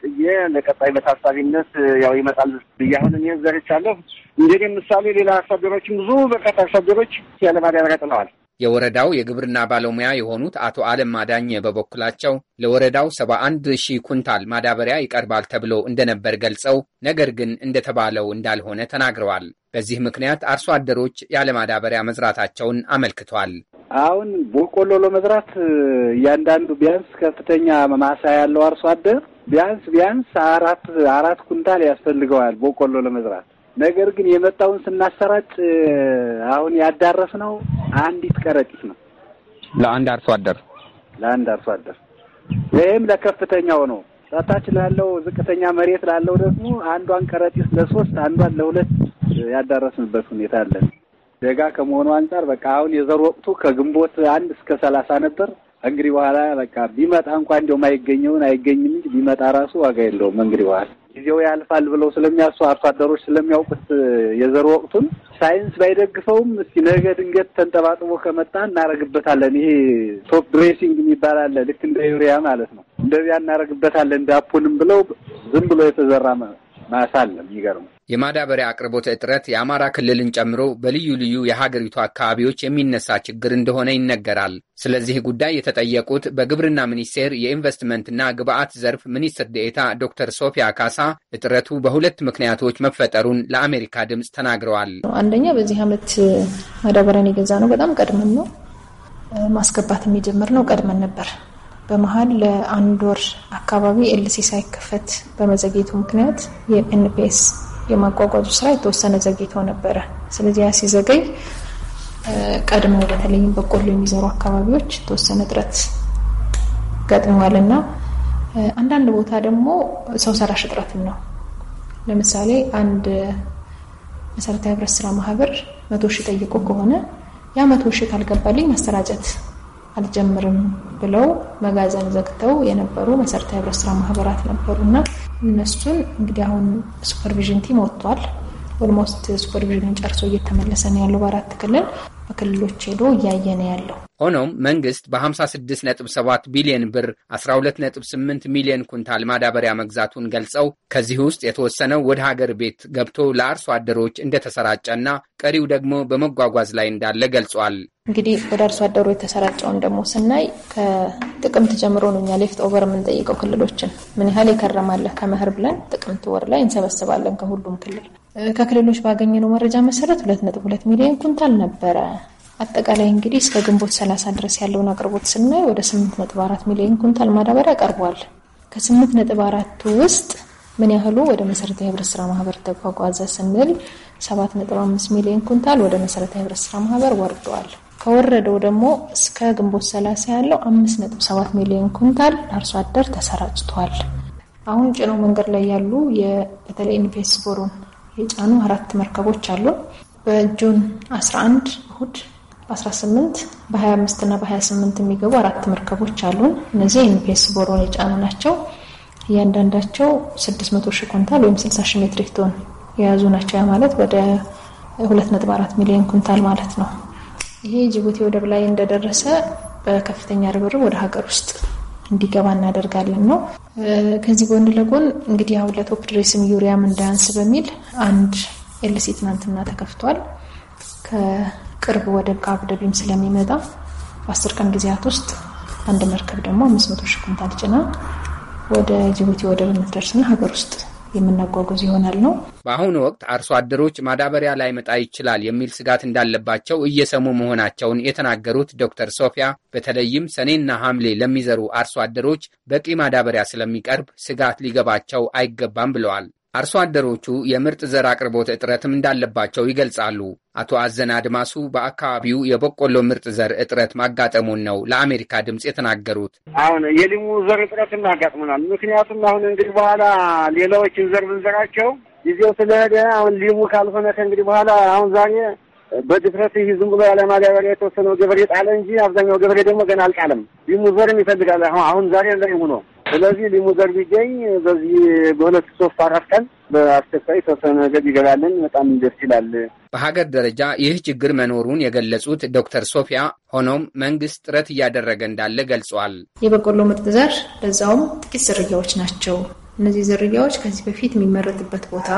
ጥዬ ለቀጣይ በታሳቢነት ያው ይመጣል ብዬ አሁን እኔ ዘርቻለሁ። እንግዲህ ምሳሌ ሌላ አርሶ ብዙ በርካታ አርሶ አደሮች ያለ ጥለዋል። የወረዳው የግብርና ባለሙያ የሆኑት አቶ አለም ማዳኘ በበኩላቸው ለወረዳው 71 ሺህ ኩንታል ማዳበሪያ ይቀርባል ተብሎ እንደነበር ገልጸው ነገር ግን እንደተባለው እንዳልሆነ ተናግረዋል። በዚህ ምክንያት አርሶ አደሮች ያለ ማዳበሪያ መዝራታቸውን አመልክቷል። አሁን ቦቆሎ ለመዝራት እያንዳንዱ ቢያንስ ከፍተኛ ማሳ ያለው አርሶ አደር ቢያንስ ቢያንስ አራት አራት ኩንታል ያስፈልገዋል ቦቆሎ ለመዝራት። ነገር ግን የመጣውን ስናሰራጭ አሁን ያዳረስ ነው አንዲት ከረጢት ነው ለአንድ አርሶ አደር ለአንድ አርሶ አደር። ይህም ለከፍተኛው ነው። ታች ላለው ዝቅተኛ መሬት ላለው ደግሞ አንዷን ከረጢት ለሶስት አንዷን ለሁለት ያዳረስንበት ሁኔታ አለን። ደጋ ከመሆኑ አንጻር በቃ አሁን የዘር ወቅቱ ከግንቦት አንድ እስከ ሰላሳ ነበር። እንግዲህ በኋላ በቃ ቢመጣ እንኳ እንዲሁም አይገኘውን አይገኝም እንጂ ቢመጣ ራሱ ዋጋ የለውም። እንግዲህ በኋላ ጊዜው ያልፋል ብለው ስለሚያሱ አርሶ አደሮች ስለሚያውቁት የዘር ወቅቱን ሳይንስ ባይደግፈውም እስኪ ነገ ድንገት ተንጠባጥቦ ከመጣ እናረግበታለን። ይሄ ቶፕ ድሬሲንግ የሚባል አለ፣ ልክ እንደ ዩሪያ ማለት ነው። እንደዚያ እናረግበታለን ዳፑንም ብለው ዝም ብሎ የተዘራ ማሳለም ይገርም የማዳበሪያ አቅርቦት እጥረት የአማራ ክልልን ጨምሮ በልዩ ልዩ የሀገሪቱ አካባቢዎች የሚነሳ ችግር እንደሆነ ይነገራል። ስለዚህ ጉዳይ የተጠየቁት በግብርና ሚኒስቴር የኢንቨስትመንትና ግብዓት ዘርፍ ሚኒስትር ዴኤታ ዶክተር ሶፊያ ካሳ እጥረቱ በሁለት ምክንያቶች መፈጠሩን ለአሜሪካ ድምፅ ተናግረዋል። አንደኛ በዚህ ዓመት ማዳበሪያን የገዛ ነው በጣም ቀድመን ነው ማስገባት የሚጀምር ነው ቀድመን ነበር። በመሀል ለአንድ ወር አካባቢ ኤልሲ ሳይከፈት በመዘግየቱ ምክንያት የኤንፒኤስ የማጓጓዙ ስራ የተወሰነ ዘግይቶ ነበረ። ስለዚህ ያ ሲዘገይ ቀድመው በተለይም በቆሎ የሚዘሩ አካባቢዎች የተወሰነ እጥረት ገጥሟልና አንዳንድ ቦታ ደግሞ ሰው ሰራሽ እጥረትም ነው። ለምሳሌ አንድ መሰረታዊ ህብረት ስራ ማህበር መቶ ሺህ ጠይቆ ከሆነ ያ መቶ ሺህ ካልገባልኝ ማሰራጨት አልጀምርም ብለው መጋዘን ዘግተው የነበሩ መሰረታዊ ህብረት ስራ ማህበራት እና እነሱን እንግዲህ አሁን ሱፐርቪዥን ቲም ወጥቷል። ኦልሞስት ሱፐርቪዥንን ጨርሶ እየተመለሰ ነው ያለው በአራት ክልል ክልሎች ሄዶ እያየነ ያለው። ሆኖም መንግስት በ56.7 ቢሊዮን ብር 12.8 ሚሊዮን ኩንታል ማዳበሪያ መግዛቱን ገልጸው ከዚህ ውስጥ የተወሰነው ወደ ሀገር ቤት ገብቶ ለአርሶ አደሮች እንደተሰራጨና ቀሪው ደግሞ በመጓጓዝ ላይ እንዳለ ገልጿል። እንግዲህ ወደ አርሶ አደሩ የተሰራጨውን ደግሞ ስናይ ከጥቅምት ጀምሮ ነው እኛ ሌፍት ኦቨር የምንጠይቀው ክልሎችን ምን ያህል ይከረማለህ ከመህር ብለን ጥቅምት ወር ላይ እንሰበስባለን ከሁሉም ክልል ከክልሎች ባገኘነው መረጃ መሰረት 2.2 ሚሊዮን ኩንታል ነበረ። አጠቃላይ እንግዲህ እስከ ግንቦት 30 ድረስ ያለውን አቅርቦት ስናይ ወደ 8.4 ሚሊዮን ኩንታል ማዳበሪያ ቀርቧል። ከ8.4 ውስጥ ምን ያህሉ ወደ መሰረታዊ ህብረት ስራ ማህበር ተጓጓዘ ስንል 7.5 ሚሊዮን ኩንታል ወደ መሰረታዊ ህብረት ስራ ማህበር ወርደዋል። ከወረደው ደግሞ እስከ ግንቦት 30 ያለው 5.7 ሚሊዮን ኩንታል ለአርሶ አደር ተሰራጭቷል። አሁን ጭነው መንገድ ላይ ያሉ በተለይ ኢንቨስት ቦሮን የጫኑ አራት መርከቦች አሉ። በጁን 11 እሁድ በ18 በ25 እና በ28 የሚገቡ አራት መርከቦች አሉ። እነዚህ ኢንፔስ ቦሮን የጫኑ ናቸው። እያንዳንዳቸው 600 ሺ ኩንታል ወይም 60 ሺህ ሜትሪክ ቶን የያዙ ናቸው። ያ ማለት ወደ 2.4 ሚሊዮን ኩንታል ማለት ነው። ይሄ ጅቡቲ ወደብ ላይ እንደደረሰ በከፍተኛ ርብርብ ወደ ሀገር ውስጥ እንዲገባ እናደርጋለን ነው። ከዚህ ጎን ለጎን እንግዲህ አሁን ለቶፕ ድሬስም ዩሪያም እንዳያንስ በሚል አንድ ኤልሲ ትናንትና ተከፍቷል። ከቅርብ ወደብ ከአቡዳቢም ስለሚመጣ በአስር ቀን ጊዜያት ውስጥ አንድ መርከብ ደግሞ አምስት መቶ ሺህ ኩንታል ጭና ወደ ጅቡቲ ወደብ የምትደርስና ሀገር ውስጥ የምናጓጉዝ ይሆናል ነው። በአሁኑ ወቅት አርሶ አደሮች ማዳበሪያ ላይመጣ ይችላል የሚል ስጋት እንዳለባቸው እየሰሙ መሆናቸውን የተናገሩት ዶክተር ሶፊያ በተለይም ሰኔና ሐምሌ ለሚዘሩ አርሶ አደሮች በቂ ማዳበሪያ ስለሚቀርብ ስጋት ሊገባቸው አይገባም ብለዋል። አርሶ አደሮቹ የምርጥ ዘር አቅርቦት እጥረትም እንዳለባቸው ይገልጻሉ። አቶ አዘና አድማሱ በአካባቢው የበቆሎ ምርጥ ዘር እጥረት ማጋጠሙን ነው ለአሜሪካ ድምፅ የተናገሩት። አሁን የሊሙ ዘር እጥረት እናጋጥመናል። ምክንያቱም አሁን እንግዲህ በኋላ ሌላዎችን ዘር ብንዘራቸው ጊዜው ስለሄደ አሁን ሊሙ ካልሆነ ከእንግዲህ በኋላ አሁን ዛሬ በድፍረት ይህ ዝም ብሎ ያለ ማዳበሪያ የተወሰነው ገበሬ ጣለ እንጂ አብዛኛው ገበሬ ደግሞ ገና አልጣለም። ሊሙ ዘርም ይፈልጋል። አሁን ዛሬ ዘር ሆኖ ስለዚህ ሊሙዘር ቢገኝ በዚህ በሁለት ሶስት አራት ቀን በአስቸኳይ የተወሰነ ነገር ይገባለን። በጣም ደስ ይላል። በሀገር ደረጃ ይህ ችግር መኖሩን የገለጹት ዶክተር ሶፊያ ሆኖም መንግስት ጥረት እያደረገ እንዳለ ገልጿል። የበቆሎ ምርጥ ዘር ለዛውም ጥቂት ዝርያዎች ናቸው። እነዚህ ዝርያዎች ከዚህ በፊት የሚመረጥበት ቦታ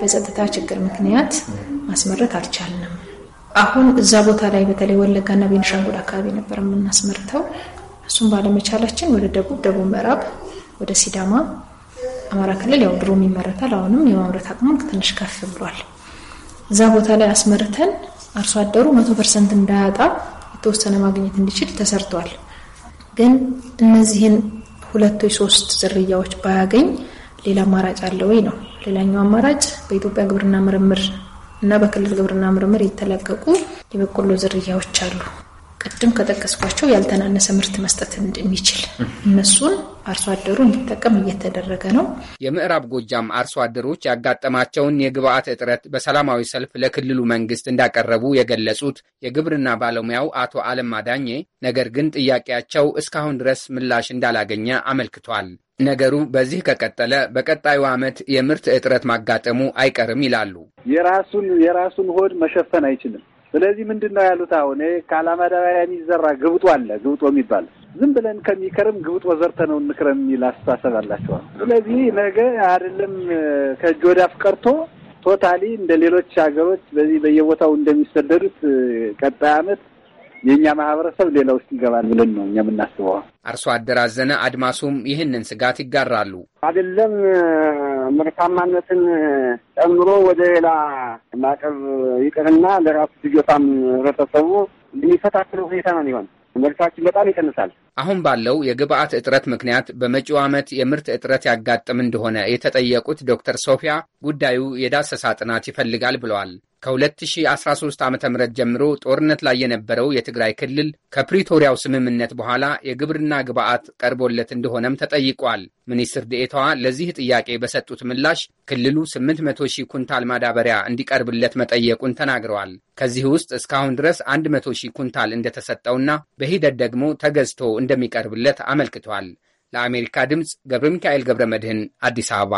በጸጥታ ችግር ምክንያት ማስመረት አልቻልንም። አሁን እዛ ቦታ ላይ በተለይ ወለጋና ቤንሻንጉል አካባቢ ነበር የምናስመርተው እሱም ባለመቻላችን ወደ ደቡብ፣ ደቡብ ምዕራብ፣ ወደ ሲዳማ፣ አማራ ክልል ያው ድሮም ይመረታል። አሁንም የማምረት አቅሙን ትንሽ ከፍ ብሏል። እዛ ቦታ ላይ አስመርተን አርሶ አደሩ መቶ ፐርሰንት እንዳያጣ የተወሰነ ማግኘት እንዲችል ተሰርቷል። ግን እነዚህን ሁለት ሶስት ዝርያዎች ባያገኝ ሌላ አማራጭ አለ ወይ ነው። ሌላኛው አማራጭ በኢትዮጵያ ግብርና ምርምር እና በክልል ግብርና ምርምር የተለቀቁ የበቆሎ ዝርያዎች አሉ። ቅድም ከጠቀስኳቸው ያልተናነሰ ምርት መስጠት እንደሚችል እነሱን አርሶ አደሩ እንዲጠቀም እየተደረገ ነው። የምዕራብ ጎጃም አርሶ አደሮች ያጋጠማቸውን የግብአት እጥረት በሰላማዊ ሰልፍ ለክልሉ መንግስት እንዳቀረቡ የገለጹት የግብርና ባለሙያው አቶ አለም ማዳኜ፣ ነገር ግን ጥያቄያቸው እስካሁን ድረስ ምላሽ እንዳላገኘ አመልክቷል። ነገሩ በዚህ ከቀጠለ በቀጣዩ ዓመት የምርት እጥረት ማጋጠሙ አይቀርም ይላሉ። የራሱን የራሱን ሆድ መሸፈን አይችልም። ስለዚህ ምንድን ነው ያሉት? አሁን ከአላማ የሚዘራ ግብጦ አለ ግብጦ የሚባል ዝም ብለን ከሚከርም ግብጦ ዘርተ ነው እንክረም የሚል አስተሳሰብ አላቸዋል። ስለዚህ ነገ አይደለም ከእጅ ወዳፍ ቀርቶ ቶታሊ እንደ ሌሎች ሀገሮች በዚህ በየቦታው እንደሚሰደዱት ቀጣይ አመት የእኛ ማህበረሰብ ሌላ ውስጥ ይገባል ብለን ነው እኛ የምናስበው። አርሶ አደር አዘነ አድማሱም ይህንን ስጋት ይጋራሉ። አይደለም ምርታማነትን ጨምሮ ወደ ሌላ ማቀብ ይቅርና ለራሱ ልጆታም ህብረተሰቡ የሚፈታክል ሁኔታ ነው ሊሆን ምርታችን በጣም ይቀንሳል። አሁን ባለው የግብአት እጥረት ምክንያት በመጪው ዓመት የምርት እጥረት ያጋጥም እንደሆነ የተጠየቁት ዶክተር ሶፊያ ጉዳዩ የዳሰሳ ጥናት ይፈልጋል ብለዋል። ከ2013 ዓ ም ጀምሮ ጦርነት ላይ የነበረው የትግራይ ክልል ከፕሪቶሪያው ስምምነት በኋላ የግብርና ግብዓት ቀርቦለት እንደሆነም ተጠይቋል። ሚኒስትር ዴኤታዋ ለዚህ ጥያቄ በሰጡት ምላሽ ክልሉ 800 ሺህ ኩንታል ማዳበሪያ እንዲቀርብለት መጠየቁን ተናግረዋል። ከዚህ ውስጥ እስካሁን ድረስ 100 ሺህ ኩንታል እንደተሰጠውና በሂደት ደግሞ ተገዝቶ እንደሚቀርብለት አመልክቷል። ለአሜሪካ ድምፅ ገብረ ሚካኤል ገብረ መድህን አዲስ አበባ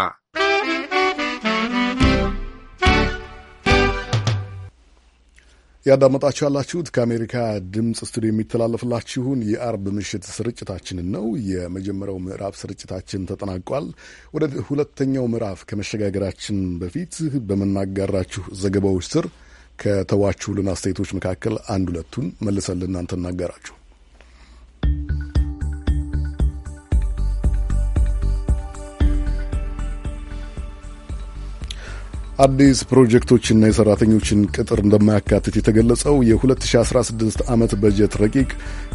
ያዳመጣችሁ ያላችሁት ከአሜሪካ ድምፅ ስቱዲዮ የሚተላለፍላችሁን የአርብ ምሽት ስርጭታችንን ነው። የመጀመሪያው ምዕራፍ ስርጭታችን ተጠናቋል። ወደ ሁለተኛው ምዕራፍ ከመሸጋገራችን በፊት በምናጋራችሁ ዘገባዎች ስር ከተዋችሁልን አስተያየቶች መካከል አንድ ሁለቱን መልሰን እናንተ እናጋራችሁ። አዲስ ፕሮጀክቶችና የሰራተኞችን ቅጥር እንደማያካትት የተገለጸው የ2016 ዓመት በጀት ረቂቅ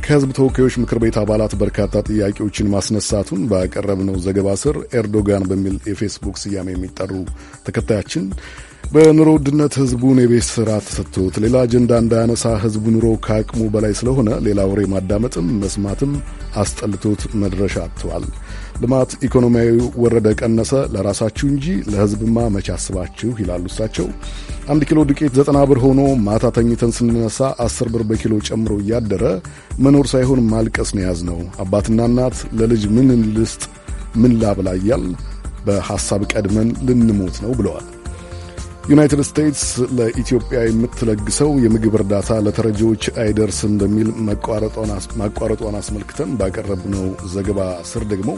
ከህዝብ ተወካዮች ምክር ቤት አባላት በርካታ ጥያቄዎችን ማስነሳቱን ባቀረብነው ዘገባ ስር ኤርዶጋን በሚል የፌስቡክ ስያሜ የሚጠሩ ተከታያችን በኑሮ ውድነት ህዝቡን የቤት ስራ ተሰጥቶት ሌላ አጀንዳ እንዳያነሳ ህዝቡ ኑሮ ከአቅሙ በላይ ስለሆነ ሌላ ወሬ ማዳመጥም መስማትም አስጠልቶት መድረሻ አጥተዋል። ልማት ኢኮኖሚያዊ ወረደ ቀነሰ፣ ለራሳችሁ እንጂ ለህዝብማ መቼ አስባችሁ ይላሉ እሳቸው። አንድ ኪሎ ዱቄት ዘጠና ብር ሆኖ ማታ ተኝተን ስንነሳ አስር ብር በኪሎ ጨምሮ እያደረ መኖር ሳይሆን ማልቀስ ነው አባትና እናት ለልጅ ምን ልስጥ ምን ላብላያል በሐሳብ ቀድመን ልንሞት ነው ብለዋል። ዩናይትድ ስቴትስ ለኢትዮጵያ የምትለግሰው የምግብ እርዳታ ለተረጂዎች አይደርስ እንደሚል ማቋረጧን አስመልክተን ባቀረብነው ዘገባ ስር ደግሞ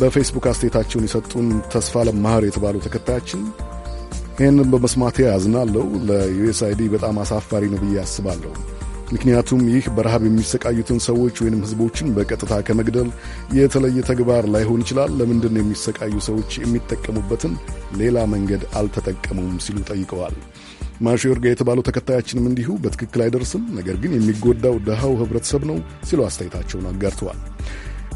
በፌስቡክ አስተያየታቸውን የሰጡን ተስፋ ለማህር የተባሉ ተከታያችን ይህንን በመስማት ያዝናለው ለዩኤስአይዲ በጣም አሳፋሪ ነው ብዬ አስባለሁ። ምክንያቱም ይህ በረሃብ የሚሰቃዩትን ሰዎች ወይንም ህዝቦችን በቀጥታ ከመግደል የተለየ ተግባር ላይሆን ይችላል። ለምንድን የሚሰቃዩ ሰዎች የሚጠቀሙበትን ሌላ መንገድ አልተጠቀሙም? ሲሉ ጠይቀዋል። ማሾርጋ የተባለው ተከታያችንም እንዲሁ በትክክል አይደርስም፣ ነገር ግን የሚጎዳው ድሃው ህብረተሰብ ነው ሲሉ አስተያየታቸውን አጋርተዋል።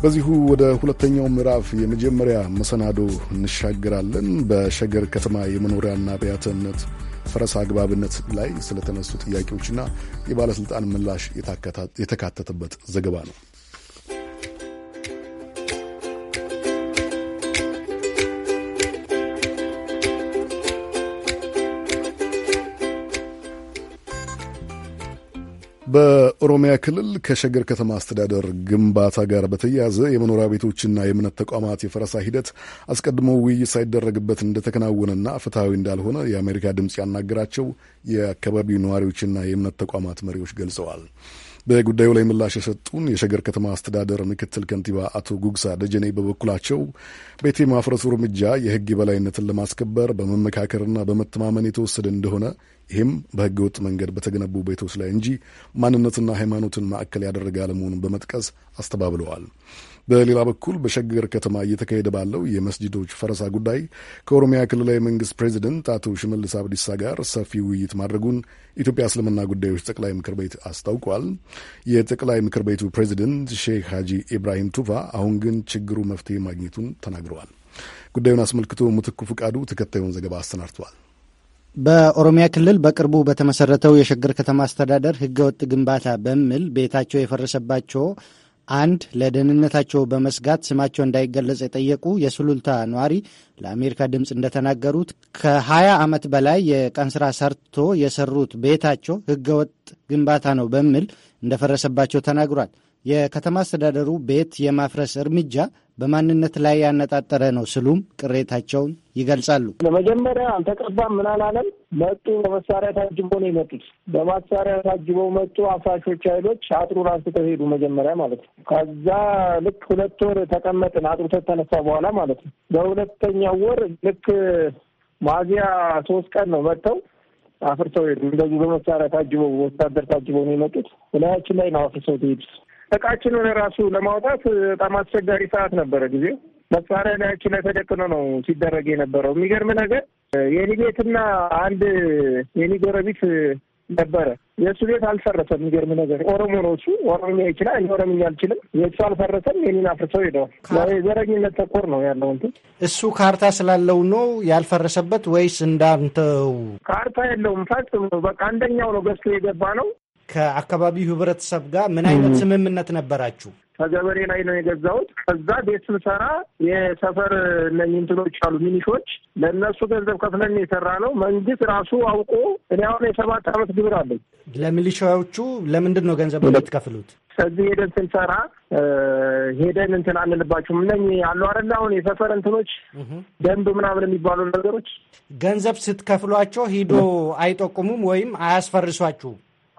በዚሁ ወደ ሁለተኛው ምዕራፍ የመጀመሪያ መሰናዶ እንሻገራለን። በሸገር ከተማ የመኖሪያና አብያተ ፈረስ አግባብነት ላይ ስለተነሱ ጥያቄዎችና የባለሥልጣን ምላሽ የተካተተበት ዘገባ ነው። በኦሮሚያ ክልል ከሸገር ከተማ አስተዳደር ግንባታ ጋር በተያያዘ የመኖሪያ ቤቶችና የእምነት ተቋማት የፈረሳ ሂደት አስቀድሞ ውይይት ሳይደረግበት እንደተከናወነና ፍትሐዊ እንዳልሆነ የአሜሪካ ድምፅ ያናገራቸው የአካባቢው ነዋሪዎችና የእምነት ተቋማት መሪዎች ገልጸዋል። በጉዳዩ ላይ ምላሽ የሰጡን የሸገር ከተማ አስተዳደር ምክትል ከንቲባ አቶ ጉግሳ ደጀኔ በበኩላቸው ቤት የማፍረሱ እርምጃ የህግ የበላይነትን ለማስከበር በመመካከርና በመተማመን የተወሰደ እንደሆነ ይህም በህገ ወጥ መንገድ በተገነቡ ቤቶች ላይ እንጂ ማንነትና ሃይማኖትን ማዕከል ያደረገ አለመሆኑን በመጥቀስ አስተባብለዋል። በሌላ በኩል በሸገር ከተማ እየተካሄደ ባለው የመስጂዶች ፈረሳ ጉዳይ ከኦሮሚያ ክልላዊ መንግስት ፕሬዚደንት አቶ ሽመልስ አብዲሳ ጋር ሰፊ ውይይት ማድረጉን ኢትዮጵያ እስልምና ጉዳዮች ጠቅላይ ምክር ቤት አስታውቋል። የጠቅላይ ምክር ቤቱ ፕሬዚደንት ሼክ ሀጂ ኢብራሂም ቱፋ አሁን ግን ችግሩ መፍትሄ ማግኘቱን ተናግረዋል። ጉዳዩን አስመልክቶ ምትኩ ፍቃዱ ተከታዩን ዘገባ አሰናድተዋል። በኦሮሚያ ክልል በቅርቡ በተመሰረተው የሸገር ከተማ አስተዳደር ህገወጥ ግንባታ በሚል ቤታቸው የፈረሰባቸው አንድ ለደህንነታቸው በመስጋት ስማቸው እንዳይገለጽ የጠየቁ የሱሉልታ ነዋሪ ለአሜሪካ ድምፅ እንደተናገሩት ከ20 ዓመት በላይ የቀን ስራ ሰርቶ የሰሩት ቤታቸው ህገወጥ ግንባታ ነው በሚል እንደፈረሰባቸው ተናግሯል። የከተማ አስተዳደሩ ቤት የማፍረስ እርምጃ በማንነት ላይ ያነጣጠረ ነው ስሉም ቅሬታቸውን ይገልጻሉ። ለመጀመሪያ አልተቀባም ምን አላለም። መጡ በመሳሪያ ታጅቦ ነው የመጡት። በማሳሪያ ታጅበው መጡ አፍራሾች ኃይሎች። አጥሩን አንስተው ሄዱ መጀመሪያ ማለት ነው። ከዛ ልክ ሁለት ወር ተቀመጥን አጥሩ ተተነሳ በኋላ ማለት ነው። በሁለተኛው ወር ልክ ማዚያ ሶስት ቀን ነው መጥተው አፍርሰው ሄዱ። እንደዚህ በመሳሪያ ታጅበው ወታደር ታጅበው ነው የመጡት። እላያችን ላይ ነው አፍርሰው ሄዱ። እቃችንን ራሱ ለማውጣት በጣም አስቸጋሪ ሰዓት ነበረ ጊዜው። መሳሪያ ላያችን ላይ ተደቅኖ ነው ሲደረግ የነበረው። የሚገርም ነገር የኔ ቤትና አንድ የኔ ጎረቤት ነበረ። የእሱ ቤት አልፈረሰም። የሚገርም ነገር ኦሮሞ ነው እሱ፣ ኦሮምኛ ይችላል። እኔ ኦሮምኛ አልችልም። የእሱ አልፈረሰም፣ የኔን አፍርሰው ሄደዋል። የዘረኝነት ተኮር ነው ያለው እንትን እሱ ካርታ ስላለው ነው ያልፈረሰበት ወይስ እንዳንተው? ካርታ የለውም ፈጽሞ። በቃ አንደኛው ነው ገዝቶ የገባ ነው ከአካባቢው ህብረተሰብ ጋር ምን አይነት ስምምነት ነበራችሁ? ከገበሬ ላይ ነው የገዛሁት። ከዛ ቤት ስንሰራ የሰፈር እንትኖች አሉ ሚኒሾች፣ ለእነሱ ገንዘብ ከፍለን የሰራ ነው። መንግስት ራሱ አውቆ እኔ አሁን የሰባት ዓመት ግብር አለኝ። ለሚሊሻዎቹ ለምንድን ነው ገንዘብ የምትከፍሉት? ከዚህ ሄደን ስንሰራ ሄደን እንትን አንልባቸውም። እነ አሉ አይደለ አሁን የሰፈር እንትኖች ደንብ ምናምን የሚባሉ ነገሮች ገንዘብ ስትከፍሏቸው ሂዶ አይጠቁሙም ወይም አያስፈርሷችሁም?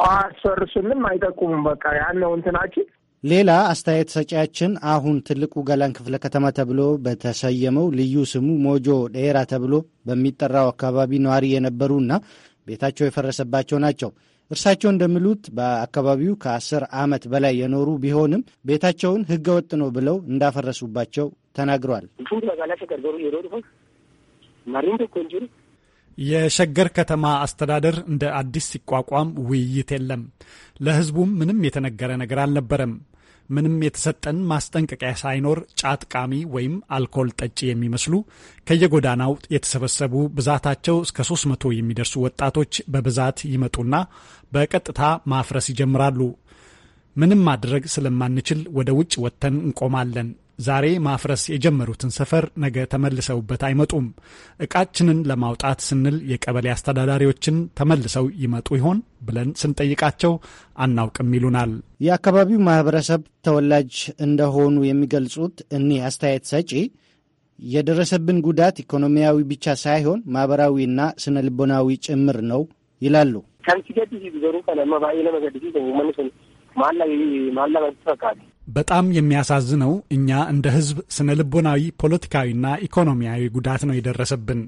አያስፈርሱንም፣ አይጠቁሙም። በቃ ያነው እንትናችን ሌላ አስተያየት ሰጪያችን አሁን ትልቁ ገላን ክፍለ ከተማ ተብሎ በተሰየመው ልዩ ስሙ ሞጆ ዴራ ተብሎ በሚጠራው አካባቢ ነዋሪ የነበሩና ቤታቸው የፈረሰባቸው ናቸው። እርሳቸው እንደሚሉት በአካባቢው ከአስር ዓመት በላይ የኖሩ ቢሆንም ቤታቸውን ወጥ ነው ብለው እንዳፈረሱባቸው ተናግሯል የሸገር ከተማ አስተዳደር እንደ አዲስ ሲቋቋም ውይይት የለም። ለህዝቡም ምንም የተነገረ ነገር አልነበረም። ምንም የተሰጠን ማስጠንቀቂያ ሳይኖር ጫት ቃሚ ወይም አልኮል ጠጪ የሚመስሉ ከየጎዳናው የተሰበሰቡ ብዛታቸው እስከ 300 የሚደርሱ ወጣቶች በብዛት ይመጡና በቀጥታ ማፍረስ ይጀምራሉ። ምንም ማድረግ ስለማንችል ወደ ውጭ ወጥተን እንቆማለን። ዛሬ ማፍረስ የጀመሩትን ሰፈር ነገ ተመልሰውበት አይመጡም። እቃችንን ለማውጣት ስንል የቀበሌ አስተዳዳሪዎችን ተመልሰው ይመጡ ይሆን ብለን ስንጠይቃቸው አናውቅም ይሉናል። የአካባቢው ማህበረሰብ ተወላጅ እንደሆኑ የሚገልጹት እኒህ አስተያየት ሰጪ የደረሰብን ጉዳት ኢኮኖሚያዊ ብቻ ሳይሆን ማህበራዊና ስነ ልቦናዊ ጭምር ነው ይላሉ። ማላበጅ በጣም የሚያሳዝነው እኛ እንደ ህዝብ ስነ ልቦናዊ፣ ፖለቲካዊና ኢኮኖሚያዊ ጉዳት ነው የደረሰብን።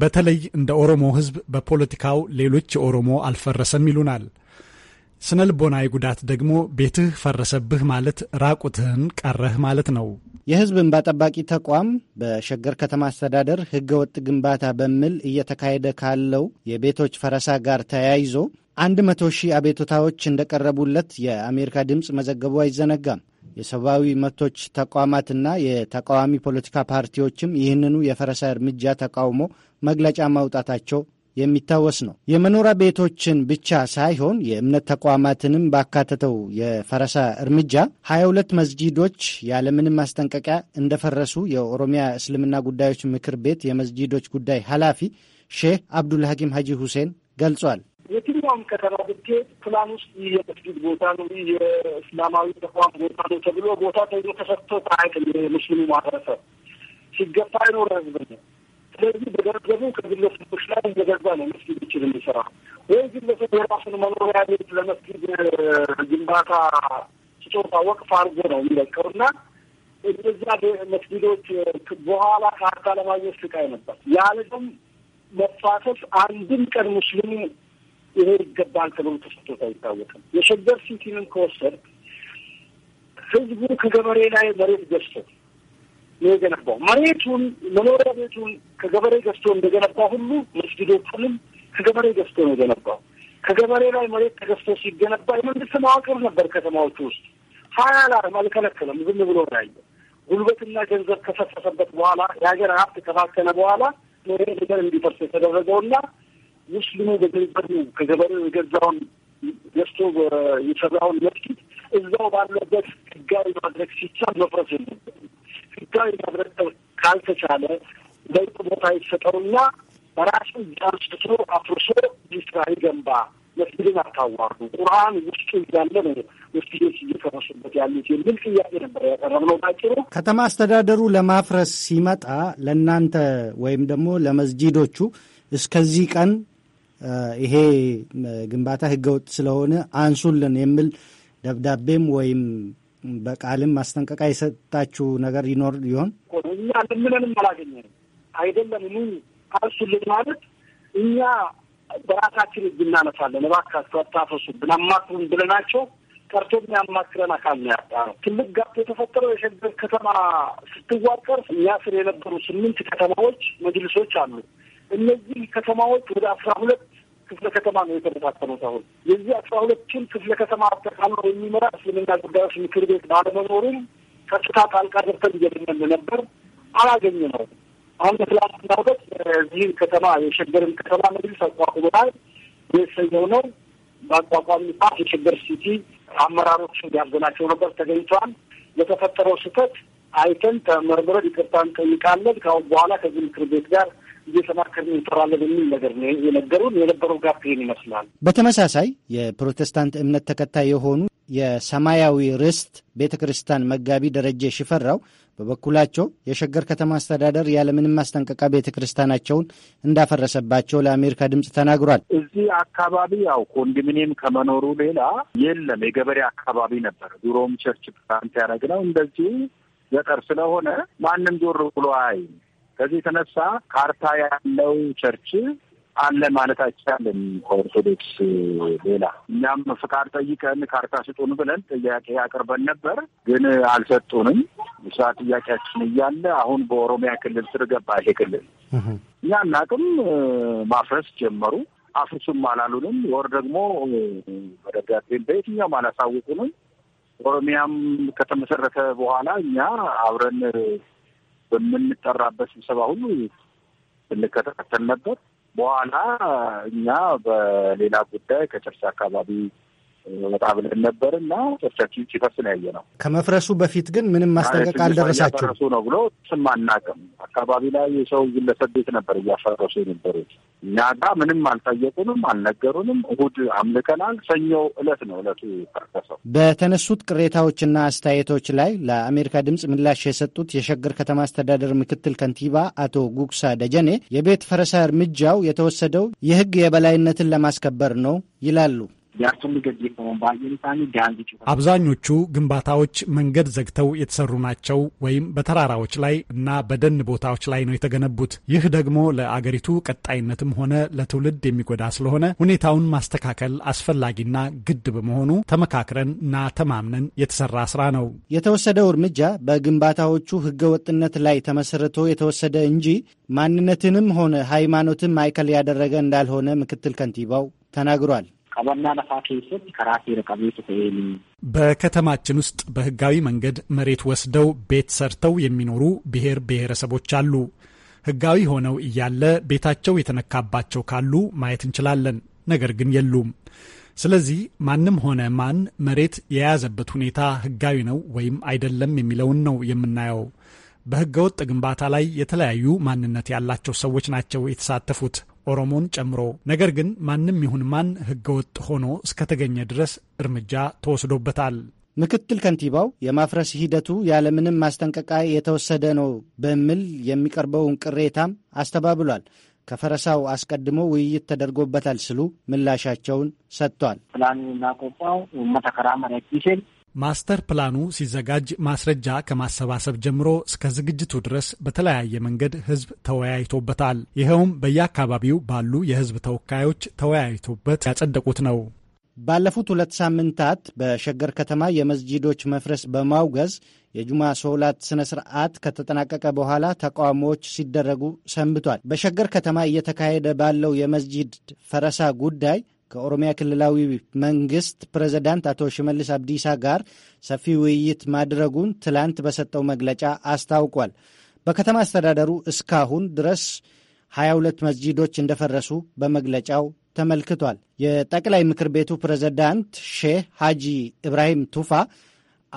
በተለይ እንደ ኦሮሞ ህዝብ በፖለቲካው ሌሎች ኦሮሞ አልፈረሰም ይሉናል። ስነ ልቦናዊ ጉዳት ደግሞ ቤትህ ፈረሰብህ ማለት ራቁትህን ቀረህ ማለት ነው። የህዝብ እንባ ጠባቂ ተቋም በሸገር ከተማ አስተዳደር ህገወጥ ግንባታ በሚል እየተካሄደ ካለው የቤቶች ፈረሳ ጋር ተያይዞ አንድ መቶ ሺህ አቤቱታዎች እንደቀረቡለት የአሜሪካ ድምፅ መዘገቡ አይዘነጋም። የሰብአዊ መብቶች ተቋማትና የተቃዋሚ ፖለቲካ ፓርቲዎችም ይህንኑ የፈረሳ እርምጃ ተቃውሞ መግለጫ ማውጣታቸው የሚታወስ ነው። የመኖሪያ ቤቶችን ብቻ ሳይሆን የእምነት ተቋማትንም ባካተተው የፈረሳ እርምጃ 22 መስጂዶች ያለምንም ማስጠንቀቂያ እንደፈረሱ የኦሮሚያ እስልምና ጉዳዮች ምክር ቤት የመስጂዶች ጉዳይ ኃላፊ ሼህ አብዱልሐኪም ሐጂ ሁሴን ገልጿል። የትኛውም ከተማ ብትሄድ ፕላን ውስጥ ይህ የመስጊድ ቦታ ነው፣ ይህ የእስላማዊ ተቋም ቦታ ነው ተብሎ ቦታ ተይዞ ተሰጥቶ ታይቅል የሙስሊሙ ማህበረሰብ ሲገፋ አይኖረ ህዝብ ነው። ስለዚህ በገንዘቡ ከግለሰቦች ላይ እየገዛ ነው መስጊዶችን የሚሰራ ወይ ግለሰብ የራሱን መኖሪያ ቤት ለመስጊድ ግንባታ ስጦታ ወቅፍ አድርጎ ነው የሚለቀው እና እነዚያ መስጊዶች በኋላ ካርታ ለማግኘት ስቃይ ነበር። ያለም መፋሰስ አንድም ቀን ሙስሊሙ ይሄ ይገባል ተብሎ ተሰጥቶት አይታወቅም። የሸገር ሲቲንም ከወሰድ ህዝቡ ከገበሬ ላይ መሬት ገዝቶ ነው የገነባው። መሬቱን መኖሪያ ቤቱን ከገበሬ ገዝቶ እንደገነባ ሁሉ መስጊዶቹንም ከገበሬ ገዝቶ ነው የገነባው። ከገበሬ ላይ መሬት ተገዝቶ ሲገነባ የመንግስት መዋቅር ነበር ከተማዎቹ ውስጥ ሀያ ላርም አልከለከለም። ዝም ብሎ ያየ ጉልበትና ገንዘብ ከፈሰሰበት በኋላ የሀገር ሀብት ከፋከነ በኋላ ይሄ ነገር እንዲፈርስ የተደረገውና ሙስሊሙ በገበሬ ከገበሬው የገዛውን ገዝቶ የሰራውን መስጊድ እዛው ባለበት ህጋዊ ማድረግ ሲቻል መፍረስ የለበትም። ህጋዊ ማድረግ ካልተቻለ ለውጥ ቦታ ይሰጠውና በራሱ ጃንስቶ አፍርሶ ስራ ይገንባ። መስጊድን አታዋርዱ፣ ቁርአን ውስጡ እያለ ነው መስጊዶች እየፈረሱበት ያሉት የሚል ጥያቄ ነበር ያቀረብነው ባጭሩ። ከተማ አስተዳደሩ ለማፍረስ ሲመጣ ለእናንተ ወይም ደግሞ ለመስጂዶቹ እስከዚህ ቀን ይሄ ግንባታ ህገወጥ ስለሆነ አንሱልን የሚል ደብዳቤም ወይም በቃልም ማስጠንቀቂያ የሰጣችሁ ነገር ይኖር ይሆን? እኛ ለምንንም አላገኘንም። አይደለም ኑ አርሱልን ማለት እኛ በራሳችን እጅ እናነሳለን። እባካችሁ አታፈሱብን፣ አማክሩን ብለናቸው ቀርቶ የሚያማክረን አካል ነው ያጣ ነው። ትልቅ ጋፕ የተፈጠረው የሸገር ከተማ ስትዋቀር እኛ ስር የነበሩ ስምንት ከተማዎች መጅልሶች አሉ። እነዚህ ከተማዎች ወደ አስራ ሁለት ክፍለ ከተማ ነው የተበታተኑት። አሁን የዚህ አስራ ሁለቱን ክፍለ ከተማ አጠቃሎ የሚመራ እስልምና ጉዳዮች ምክር ቤት ባለመኖሩም ከፍታ ጣልቃ ገብተን እየደመን ነበር፣ አላገኘ ነው። አሁን በትላንትና ዕለት እዚህ ከተማ የሸገርን ከተማ መግሊስ አቋቁመናል። የሰየው ነው በአቋቋሚ ፓርት የሸገር ሲቲ አመራሮች እንዲያዘናቸው ነበር ተገኝቷል። ለተፈጠረው ስህተት አይተን ተመርምረን ይቅርታ እንጠይቃለን። ከአሁን በኋላ ከዚህ ምክር ቤት ጋር እየተማከርን እንጥራለን የሚል ነገር ነው የነገሩን። የነበረው ጋር ይህን ይመስላል። በተመሳሳይ የፕሮቴስታንት እምነት ተከታይ የሆኑ የሰማያዊ ርስት ቤተ ክርስቲያን መጋቢ ደረጀ ሽፈራው በበኩላቸው የሸገር ከተማ አስተዳደር ያለምንም ማስጠንቀቂያ ቤተ ክርስቲያናቸውን እንዳፈረሰባቸው ለአሜሪካ ድምፅ ተናግሯል። እዚህ አካባቢ ያው ኮንዶሚኒየም ከመኖሩ ሌላ የለም። የገበሬ አካባቢ ነበር ዱሮም ቸርች ፕላንት ያደረግነው እንደዚሁ ገጠር ስለሆነ ማንም ዞር ብሎ አይ ከዚህ የተነሳ ካርታ ያለው ቸርች አለ ማለት አይቻልም። ከኦርቶዶክስ ሌላ እኛም ፍቃድ ጠይቀን ካርታ ስጡን ብለን ጥያቄ አቅርበን ነበር፣ ግን አልሰጡንም። እሷ ጥያቄያችን እያለ አሁን በኦሮሚያ ክልል ስር ገባ ይሄ ክልል። እኛ እናቅም ማፍረስ ጀመሩ። አፍርሱም አላሉንም። ወር ደግሞ በደብዳቤም በየትኛውም አላሳውቁንም። ኦሮሚያም ከተመሰረተ በኋላ እኛ አብረን በምንጠራበት ስብሰባ ሁሉ ስንከታተል ነበር። በኋላ እኛ በሌላ ጉዳይ ከጨርሳ አካባቢ ወጣ ብለን ነበር እና ቸርቻችን ሲፈርስ ነው ያየ ነው። ከመፍረሱ በፊት ግን ምንም ማስጠንቀቅ አልደረሳቸው ነው ብሎ ስም አናውቅም። አካባቢ ላይ የሰው ግለሰብ ቤት ነበር እያፈረሱ የነበሩት። እኛ ጋ ምንም አልጠየቁንም፣ አልነገሩንም። እሁድ አምልከናል። ሰኞ እለት ነው እለቱ ፈረሰው። በተነሱት ቅሬታዎችና አስተያየቶች ላይ ለአሜሪካ ድምፅ ምላሽ የሰጡት የሸገር ከተማ አስተዳደር ምክትል ከንቲባ አቶ ጉግሳ ደጀኔ የቤት ፈረሳ እርምጃው የተወሰደው የህግ የበላይነትን ለማስከበር ነው ይላሉ። አብዛኞቹ ግንባታዎች መንገድ ዘግተው የተሰሩ ናቸው ወይም በተራራዎች ላይ እና በደን ቦታዎች ላይ ነው የተገነቡት። ይህ ደግሞ ለአገሪቱ ቀጣይነትም ሆነ ለትውልድ የሚጎዳ ስለሆነ ሁኔታውን ማስተካከል አስፈላጊና ግድ በመሆኑ ተመካክረን እና ተማምነን የተሰራ ስራ ነው። የተወሰደው እርምጃ በግንባታዎቹ ህገወጥነት ላይ ተመስርቶ የተወሰደ እንጂ ማንነትንም ሆነ ሃይማኖትን ማዕከል ያደረገ እንዳልሆነ ምክትል ከንቲባው ተናግሯል። ቀበና ከራሴ ረቀቤት በከተማችን ውስጥ በህጋዊ መንገድ መሬት ወስደው ቤት ሰርተው የሚኖሩ ብሔር ብሔረሰቦች አሉ። ህጋዊ ሆነው እያለ ቤታቸው የተነካባቸው ካሉ ማየት እንችላለን። ነገር ግን የሉም። ስለዚህ ማንም ሆነ ማን መሬት የያዘበት ሁኔታ ህጋዊ ነው ወይም አይደለም የሚለውን ነው የምናየው። በህገወጥ ግንባታ ላይ የተለያዩ ማንነት ያላቸው ሰዎች ናቸው የተሳተፉት። ኦሮሞን ጨምሮ። ነገር ግን ማንም ይሁን ማን ህገወጥ ሆኖ እስከተገኘ ድረስ እርምጃ ተወስዶበታል። ምክትል ከንቲባው የማፍረስ ሂደቱ ያለምንም ማስጠንቀቂያ የተወሰደ ነው በሚል የሚቀርበውን ቅሬታም አስተባብሏል። ከፈረሳው አስቀድሞ ውይይት ተደርጎበታል ስሉ ምላሻቸውን ሰጥቷል። ማስተር ፕላኑ ሲዘጋጅ ማስረጃ ከማሰባሰብ ጀምሮ እስከ ዝግጅቱ ድረስ በተለያየ መንገድ ህዝብ ተወያይቶበታል። ይኸውም በየአካባቢው ባሉ የህዝብ ተወካዮች ተወያይቶበት ያጸደቁት ነው። ባለፉት ሁለት ሳምንታት በሸገር ከተማ የመስጂዶች መፍረስ በማውገዝ የጁማ ሶላት ስነ ስርዓት ከተጠናቀቀ በኋላ ተቃውሞዎች ሲደረጉ ሰንብቷል። በሸገር ከተማ እየተካሄደ ባለው የመስጂድ ፈረሳ ጉዳይ ከኦሮሚያ ክልላዊ መንግስት ፕሬዝዳንት አቶ ሽመልስ አብዲሳ ጋር ሰፊ ውይይት ማድረጉን ትላንት በሰጠው መግለጫ አስታውቋል። በከተማ አስተዳደሩ እስካሁን ድረስ 22 መስጂዶች እንደፈረሱ በመግለጫው ተመልክቷል። የጠቅላይ ምክር ቤቱ ፕሬዝዳንት ሼህ ሐጂ ኢብራሂም ቱፋ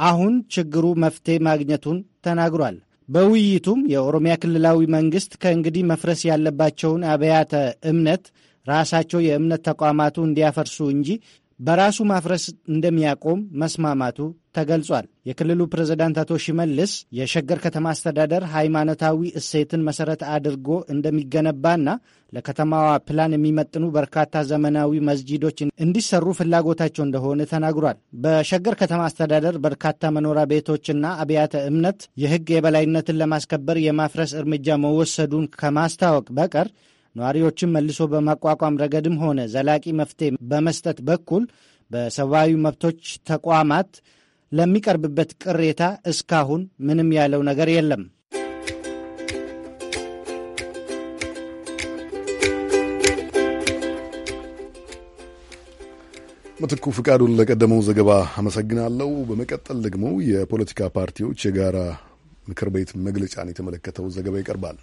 አሁን ችግሩ መፍትሄ ማግኘቱን ተናግሯል። በውይይቱም የኦሮሚያ ክልላዊ መንግስት ከእንግዲህ መፍረስ ያለባቸውን አብያተ እምነት ራሳቸው የእምነት ተቋማቱ እንዲያፈርሱ እንጂ በራሱ ማፍረስ እንደሚያቆም መስማማቱ ተገልጿል። የክልሉ ፕሬዝዳንት አቶ ሽመልስ የሸገር ከተማ አስተዳደር ሃይማኖታዊ እሴትን መሰረት አድርጎ እንደሚገነባና ለከተማዋ ፕላን የሚመጥኑ በርካታ ዘመናዊ መስጂዶች እንዲሰሩ ፍላጎታቸው እንደሆነ ተናግሯል። በሸገር ከተማ አስተዳደር በርካታ መኖሪያ ቤቶችና አብያተ እምነት የሕግ የበላይነትን ለማስከበር የማፍረስ እርምጃ መወሰዱን ከማስታወቅ በቀር ነዋሪዎችን መልሶ በማቋቋም ረገድም ሆነ ዘላቂ መፍትሄ በመስጠት በኩል በሰብአዊ መብቶች ተቋማት ለሚቀርብበት ቅሬታ እስካሁን ምንም ያለው ነገር የለም። ምትኩ ፍቃዱን ለቀደመው ዘገባ አመሰግናለሁ። በመቀጠል ደግሞ የፖለቲካ ፓርቲዎች የጋራ ምክር ቤት መግለጫን የተመለከተው ዘገባ ይቀርባል።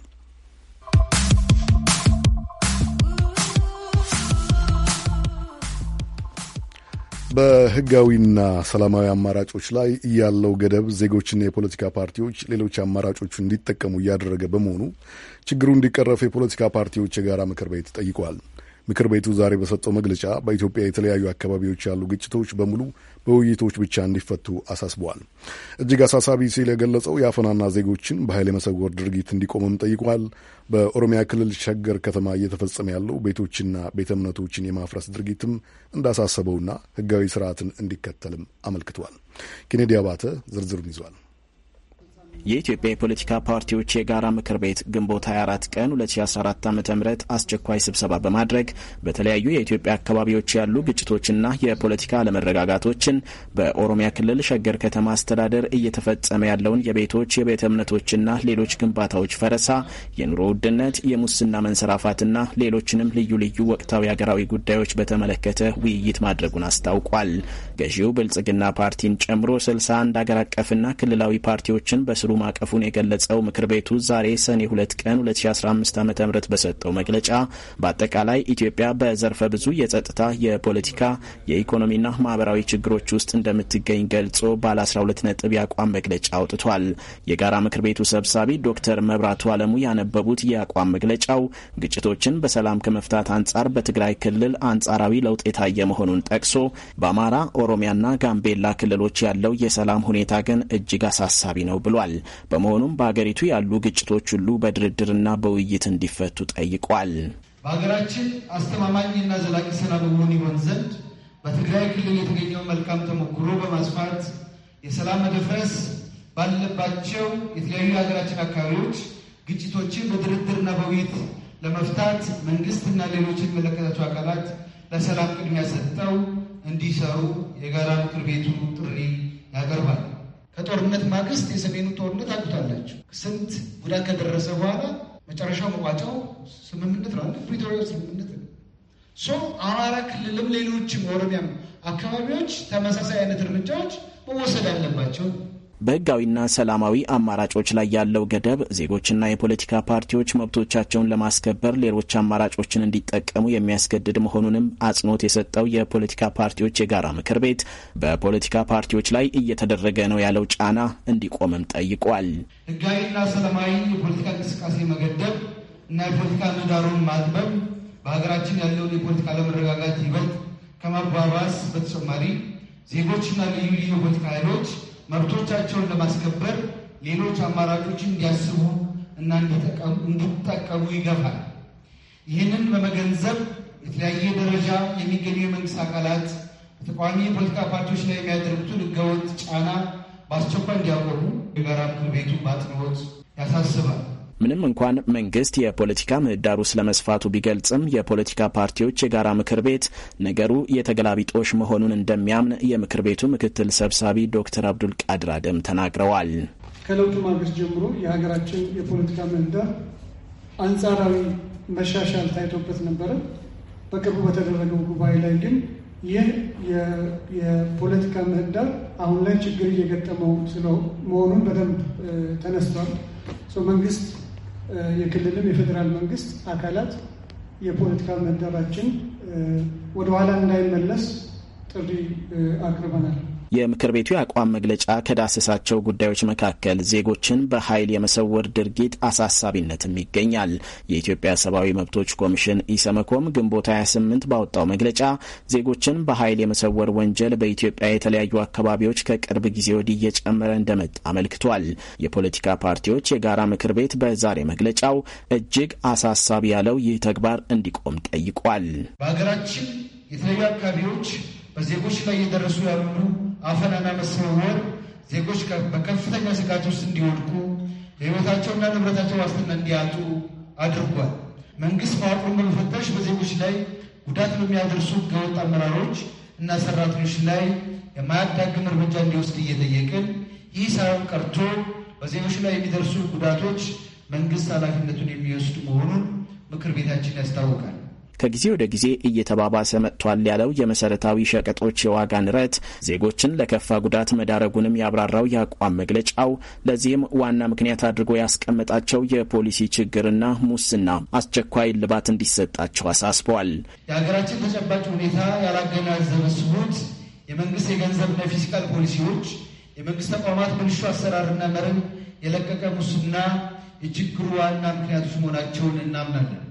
በህጋዊና ሰላማዊ አማራጮች ላይ ያለው ገደብ ዜጎችና የፖለቲካ ፓርቲዎች ሌሎች አማራጮቹ እንዲጠቀሙ እያደረገ በመሆኑ ችግሩ እንዲቀረፍ የፖለቲካ ፓርቲዎች የጋራ ምክር ቤት ጠይቋል። ምክር ቤቱ ዛሬ በሰጠው መግለጫ በኢትዮጵያ የተለያዩ አካባቢዎች ያሉ ግጭቶች በሙሉ በውይይቶች ብቻ እንዲፈቱ አሳስበዋል። እጅግ አሳሳቢ ሲል የገለጸው የአፈናና ዜጎችን በኃይል የመሰወር ድርጊት እንዲቆምም ጠይቋል። በኦሮሚያ ክልል ሸገር ከተማ እየተፈጸመ ያለው ቤቶችና ቤተ እምነቶችን የማፍረስ ድርጊትም እንዳሳሰበውና ሕጋዊ ስርዓትን እንዲከተልም አመልክቷል። ኬኔዲ አባተ ዝርዝሩን ይዟል። የኢትዮጵያ የፖለቲካ ፓርቲዎች የጋራ ምክር ቤት ግንቦት 24 ቀን 2014 ዓ ም አስቸኳይ ስብሰባ በማድረግ በተለያዩ የኢትዮጵያ አካባቢዎች ያሉ ግጭቶችና የፖለቲካ አለመረጋጋቶችን በኦሮሚያ ክልል ሸገር ከተማ አስተዳደር እየተፈጸመ ያለውን የቤቶች የቤተ እምነቶችና ሌሎች ግንባታዎች ፈረሳ፣ የኑሮ ውድነት፣ የሙስና መንሰራፋትና ሌሎችንም ልዩ ልዩ ወቅታዊ ሀገራዊ ጉዳዮች በተመለከተ ውይይት ማድረጉን አስታውቋል። ገዢው ብልጽግና ፓርቲን ጨምሮ 61 አገር አቀፍና ክልላዊ ፓርቲዎችን በስ ክትትሉ ማቀፉን የገለጸው ምክር ቤቱ ዛሬ ሰኔ 2 ቀን 2015 ዓ ም በሰጠው መግለጫ በአጠቃላይ ኢትዮጵያ በዘርፈ ብዙ የጸጥታ፣ የፖለቲካ፣ የኢኮኖሚና ማህበራዊ ችግሮች ውስጥ እንደምትገኝ ገልጾ ባለ 12 ነጥብ የአቋም መግለጫ አውጥቷል። የጋራ ምክር ቤቱ ሰብሳቢ ዶክተር መብራቱ አለሙ ያነበቡት የአቋም መግለጫው ግጭቶችን በሰላም ከመፍታት አንጻር በትግራይ ክልል አንጻራዊ ለውጥ የታየ መሆኑን ጠቅሶ በአማራ ኦሮሚያና ጋምቤላ ክልሎች ያለው የሰላም ሁኔታ ግን እጅግ አሳሳቢ ነው ብሏል። በመሆኑም በሀገሪቱ ያሉ ግጭቶች ሁሉ በድርድርና በውይይት እንዲፈቱ ጠይቋል። በሀገራችን አስተማማኝና ዘላቂ ሰላም እውን ይሆን ዘንድ በትግራይ ክልል የተገኘውን መልካም ተሞክሮ በማስፋት የሰላም መደፍረስ ባለባቸው የተለያዩ የሀገራችን አካባቢዎች ግጭቶችን በድርድርና በውይይት ለመፍታት መንግስትና ሌሎች የሚመለከታቸው አካላት ለሰላም ቅድሚያ ሰጥተው እንዲሰሩ የጋራ ምክር ቤቱ ጥሪ ያቀርባል። ከጦርነት ማግስት የሰሜኑ ጦርነት አግብታላቸው ስንት ጉዳት ከደረሰ በኋላ መጨረሻው መቋጫው ስምምነት ነው። ፕሪቶሪያ ስምምነት ነው። አማራ ክልልም ሌሎችም ኦሮሚያም አካባቢዎች ተመሳሳይ አይነት እርምጃዎች መወሰድ አለባቸው። በህጋዊና ሰላማዊ አማራጮች ላይ ያለው ገደብ ዜጎችና የፖለቲካ ፓርቲዎች መብቶቻቸውን ለማስከበር ሌሎች አማራጮችን እንዲጠቀሙ የሚያስገድድ መሆኑንም አጽንኦት የሰጠው የፖለቲካ ፓርቲዎች የጋራ ምክር ቤት በፖለቲካ ፓርቲዎች ላይ እየተደረገ ነው ያለው ጫና እንዲቆምም ጠይቋል። ህጋዊና ሰላማዊ የፖለቲካ እንቅስቃሴ መገደብ እና የፖለቲካ ምህዳሩን ማጥበብ በሀገራችን ያለውን የፖለቲካ አለመረጋጋት ይበልጥ ከማባባስ በተጨማሪ ዜጎችና ልዩ ልዩ የፖለቲካ ኃይሎች መብቶቻቸውን ለማስከበር ሌሎች አማራጮች እንዲያስቡ እና እንዲጠቀሙ ይገፋል። ይህንን በመገንዘብ የተለያየ ደረጃ የሚገኙ የመንግስት አካላት በተቃዋሚ የፖለቲካ ፓርቲዎች ላይ የሚያደርጉትን ህገወጥ ጫና በአስቸኳይ እንዲያቆሙ የጋራ ምክር ቤቱ በአጽንኦት ያሳስባል። ምንም እንኳን መንግስት የፖለቲካ ምህዳሩ ስለመስፋቱ ቢገልጽም የፖለቲካ ፓርቲዎች የጋራ ምክር ቤት ነገሩ የተገላቢጦሽ መሆኑን እንደሚያምን የምክር ቤቱ ምክትል ሰብሳቢ ዶክተር አብዱል ቃድር አደም ተናግረዋል። ከለውጡ ማግስት ጀምሮ የሀገራችን የፖለቲካ ምህዳር አንጻራዊ መሻሻል ታይቶበት ነበረ። በቅርቡ በተደረገው ጉባኤ ላይ ግን ይህ የፖለቲካ ምህዳር አሁን ላይ ችግር እየገጠመው መሆኑን በደንብ ተነስቷል። መንግስት የክልልም የፌዴራል መንግስት አካላት የፖለቲካ ምህዳራችን ወደኋላ እንዳይመለስ ጥሪ አቅርበናል። የምክር ቤቱ የአቋም መግለጫ ከዳሰሳቸው ጉዳዮች መካከል ዜጎችን በኃይል የመሰወር ድርጊት አሳሳቢነትም ይገኛል። የኢትዮጵያ ሰብአዊ መብቶች ኮሚሽን ኢሰመኮም ግንቦት 28 ባወጣው መግለጫ ዜጎችን በኃይል የመሰወር ወንጀል በኢትዮጵያ የተለያዩ አካባቢዎች ከቅርብ ጊዜ ወዲህ እየጨመረ እንደመጣ አመልክቷል። የፖለቲካ ፓርቲዎች የጋራ ምክር ቤት በዛሬ መግለጫው እጅግ አሳሳቢ ያለው ይህ ተግባር እንዲቆም ጠይቋል። በሀገራችን የተለያዩ አካባቢዎች በዜጎች ላይ እየደረሱ ያሉ አፈናና መሰወር ዜጎች በከፍተኛ ስጋት ውስጥ እንዲወድቁ የህይወታቸውና ንብረታቸው ዋስትና እንዲያጡ አድርጓል። መንግስት መዋቅሩን በመፈተሽ በዜጎች ላይ ጉዳት በሚያደርሱ ህገወጥ አመራሮች እና ሰራተኞች ላይ የማያዳግም እርምጃ እንዲወስድ እየጠየቅን ይህ ሳይሆን ቀርቶ በዜጎች ላይ የሚደርሱ ጉዳቶች መንግስት ኃላፊነቱን የሚወስድ መሆኑን ምክር ቤታችን ያስታውቃል። ከጊዜ ወደ ጊዜ እየተባባሰ መጥቷል ያለው የመሰረታዊ ሸቀጦች የዋጋ ንረት ዜጎችን ለከፋ ጉዳት መዳረጉንም ያብራራው የአቋም መግለጫው ለዚህም ዋና ምክንያት አድርጎ ያስቀመጣቸው የፖሊሲ ችግርና ሙስና አስቸኳይ ልባት እንዲሰጣቸው አሳስበዋል። የሀገራችን ተጨባጭ ሁኔታ ያላገናዘበ ስሁት የመንግስት የገንዘብና የፊስካል ፖሊሲዎች፣ የመንግስት ተቋማት ብልሹ አሰራርና መርህ የለቀቀ ሙስና የችግሩ ዋና ምክንያቶች መሆናቸውን እናምናለን።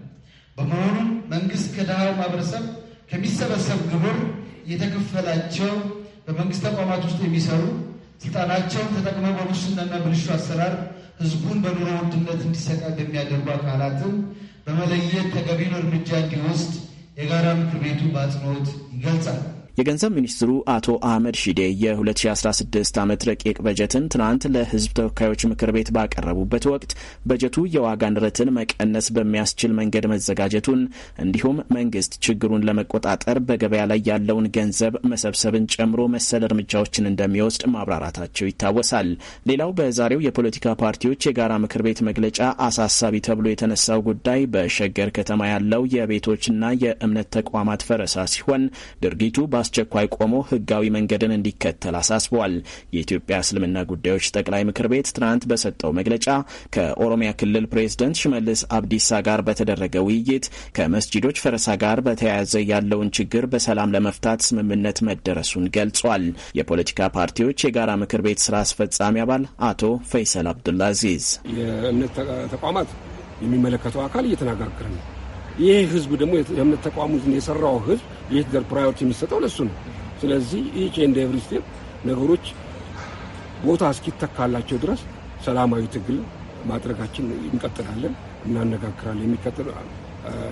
በመሆኑም መንግስት ከድሃው ማህበረሰብ ከሚሰበሰብ ግብር የተከፈላቸው በመንግስት ተቋማት ውስጥ የሚሰሩ ስልጣናቸውን ተጠቅመው በሙስናና ብልሹ አሰራር ህዝቡን በኑሮ ውድነት እንዲሰቃይ የሚያደርጉ አካላትን በመለየት ተገቢውን እርምጃ እንዲወስድ የጋራ ምክር ቤቱ በአጽንኦት ይገልጻል። የገንዘብ ሚኒስትሩ አቶ አህመድ ሺዴ የ2016 ዓመት ረቂቅ በጀትን ትናንት ለሕዝብ ተወካዮች ምክር ቤት ባቀረቡበት ወቅት በጀቱ የዋጋ ንረትን መቀነስ በሚያስችል መንገድ መዘጋጀቱን እንዲሁም መንግስት ችግሩን ለመቆጣጠር በገበያ ላይ ያለውን ገንዘብ መሰብሰብን ጨምሮ መሰል እርምጃዎችን እንደሚወስድ ማብራራታቸው ይታወሳል። ሌላው በዛሬው የፖለቲካ ፓርቲዎች የጋራ ምክር ቤት መግለጫ አሳሳቢ ተብሎ የተነሳው ጉዳይ በሸገር ከተማ ያለው የቤቶችና የእምነት ተቋማት ፈረሳ ሲሆን ድርጊቱ በአስቸኳይ ቆሞ ህጋዊ መንገድን እንዲከተል አሳስበዋል። የኢትዮጵያ እስልምና ጉዳዮች ጠቅላይ ምክር ቤት ትናንት በሰጠው መግለጫ ከኦሮሚያ ክልል ፕሬዝደንት ሽመልስ አብዲሳ ጋር በተደረገ ውይይት ከመስጂዶች ፈረሳ ጋር በተያያዘ ያለውን ችግር በሰላም ለመፍታት ስምምነት መደረሱን ገልጿል። የፖለቲካ ፓርቲዎች የጋራ ምክር ቤት ስራ አስፈጻሚ አባል አቶ ፈይሰል አብዱላ አዚዝ የእምነት ተቋማት የሚመለከተው አካል እየተናገርክር ነው ይህ ህዝብ ደግሞ የእምነት ተቋሙ የሰራው ህዝብ የት ዘር ፕራዮሪቲ የሚሰጠው ለሱ ነው። ስለዚህ ይህ እንደ ኤቭሪ ነገሮች ቦታ እስኪተካላቸው ድረስ ሰላማዊ ትግል ማድረጋችን እንቀጥላለን፣ እናነጋግራለን። የሚቀጥል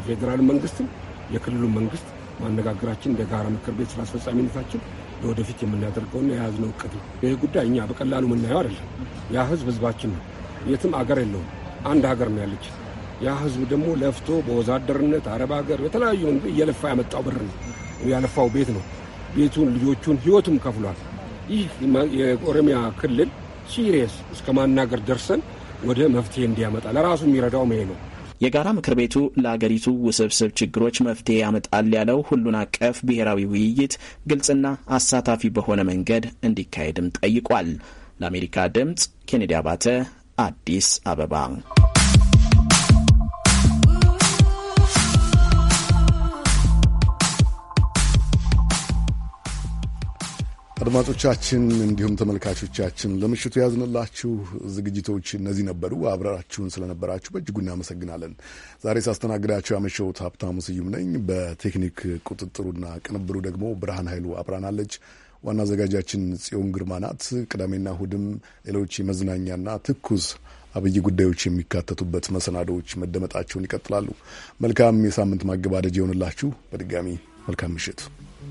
ፌዴራል መንግስትም የክልሉ መንግስት ማነጋገራችን እንደ ጋራ ምክር ቤት ስራ አስፈጻሚነታችን ለወደፊት የምናደርገውና የያዝነው እቅድ ነው። ይህ ጉዳይ እኛ በቀላሉ የምናየው አይደለም። ያ ህዝብ ህዝባችን ነው። የትም አገር የለውም። አንድ ሀገር ነው ያለችን ያ ህዝብ ደግሞ ለፍቶ በወዛደርነት አረብ ሀገር በተለያዩ እየለፋ ያመጣው ብር ነው ያለፋው ቤት ነው ቤቱን ልጆቹን ህይወቱም ከፍሏል። ይህ የኦሮሚያ ክልል ሲሪየስ እስከ ማናገር ደርሰን ወደ መፍትሄ እንዲያመጣ ለራሱ የሚረዳው ይሄ ነው። የጋራ ምክር ቤቱ ለአገሪቱ ውስብስብ ችግሮች መፍትሄ ያመጣል ያለው ሁሉን አቀፍ ብሔራዊ ውይይት ግልጽና አሳታፊ በሆነ መንገድ እንዲካሄድም ጠይቋል። ለአሜሪካ ድምፅ ኬኔዲ አባተ አዲስ አበባ አድማጮቻችን እንዲሁም ተመልካቾቻችን ለምሽቱ ያዝንላችሁ ዝግጅቶች እነዚህ ነበሩ። አብራችሁን ስለነበራችሁ በእጅጉ እናመሰግናለን። ዛሬ ሳስተናግዳችሁ ያመሸሁት ሀብታሙ ስዩም ነኝ። በቴክኒክ ቁጥጥሩና ቅንብሩ ደግሞ ብርሃን ኃይሉ አብራናለች። ዋና አዘጋጃችን ጽዮን ግርማ ናት። ቅዳሜና እሁድም ሌሎች የመዝናኛና ትኩስ አብይ ጉዳዮች የሚካተቱበት መሰናዶዎች መደመጣቸውን ይቀጥላሉ። መልካም የሳምንት ማገባደጅ የሆንላችሁ። በድጋሚ መልካም ምሽት።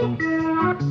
thank you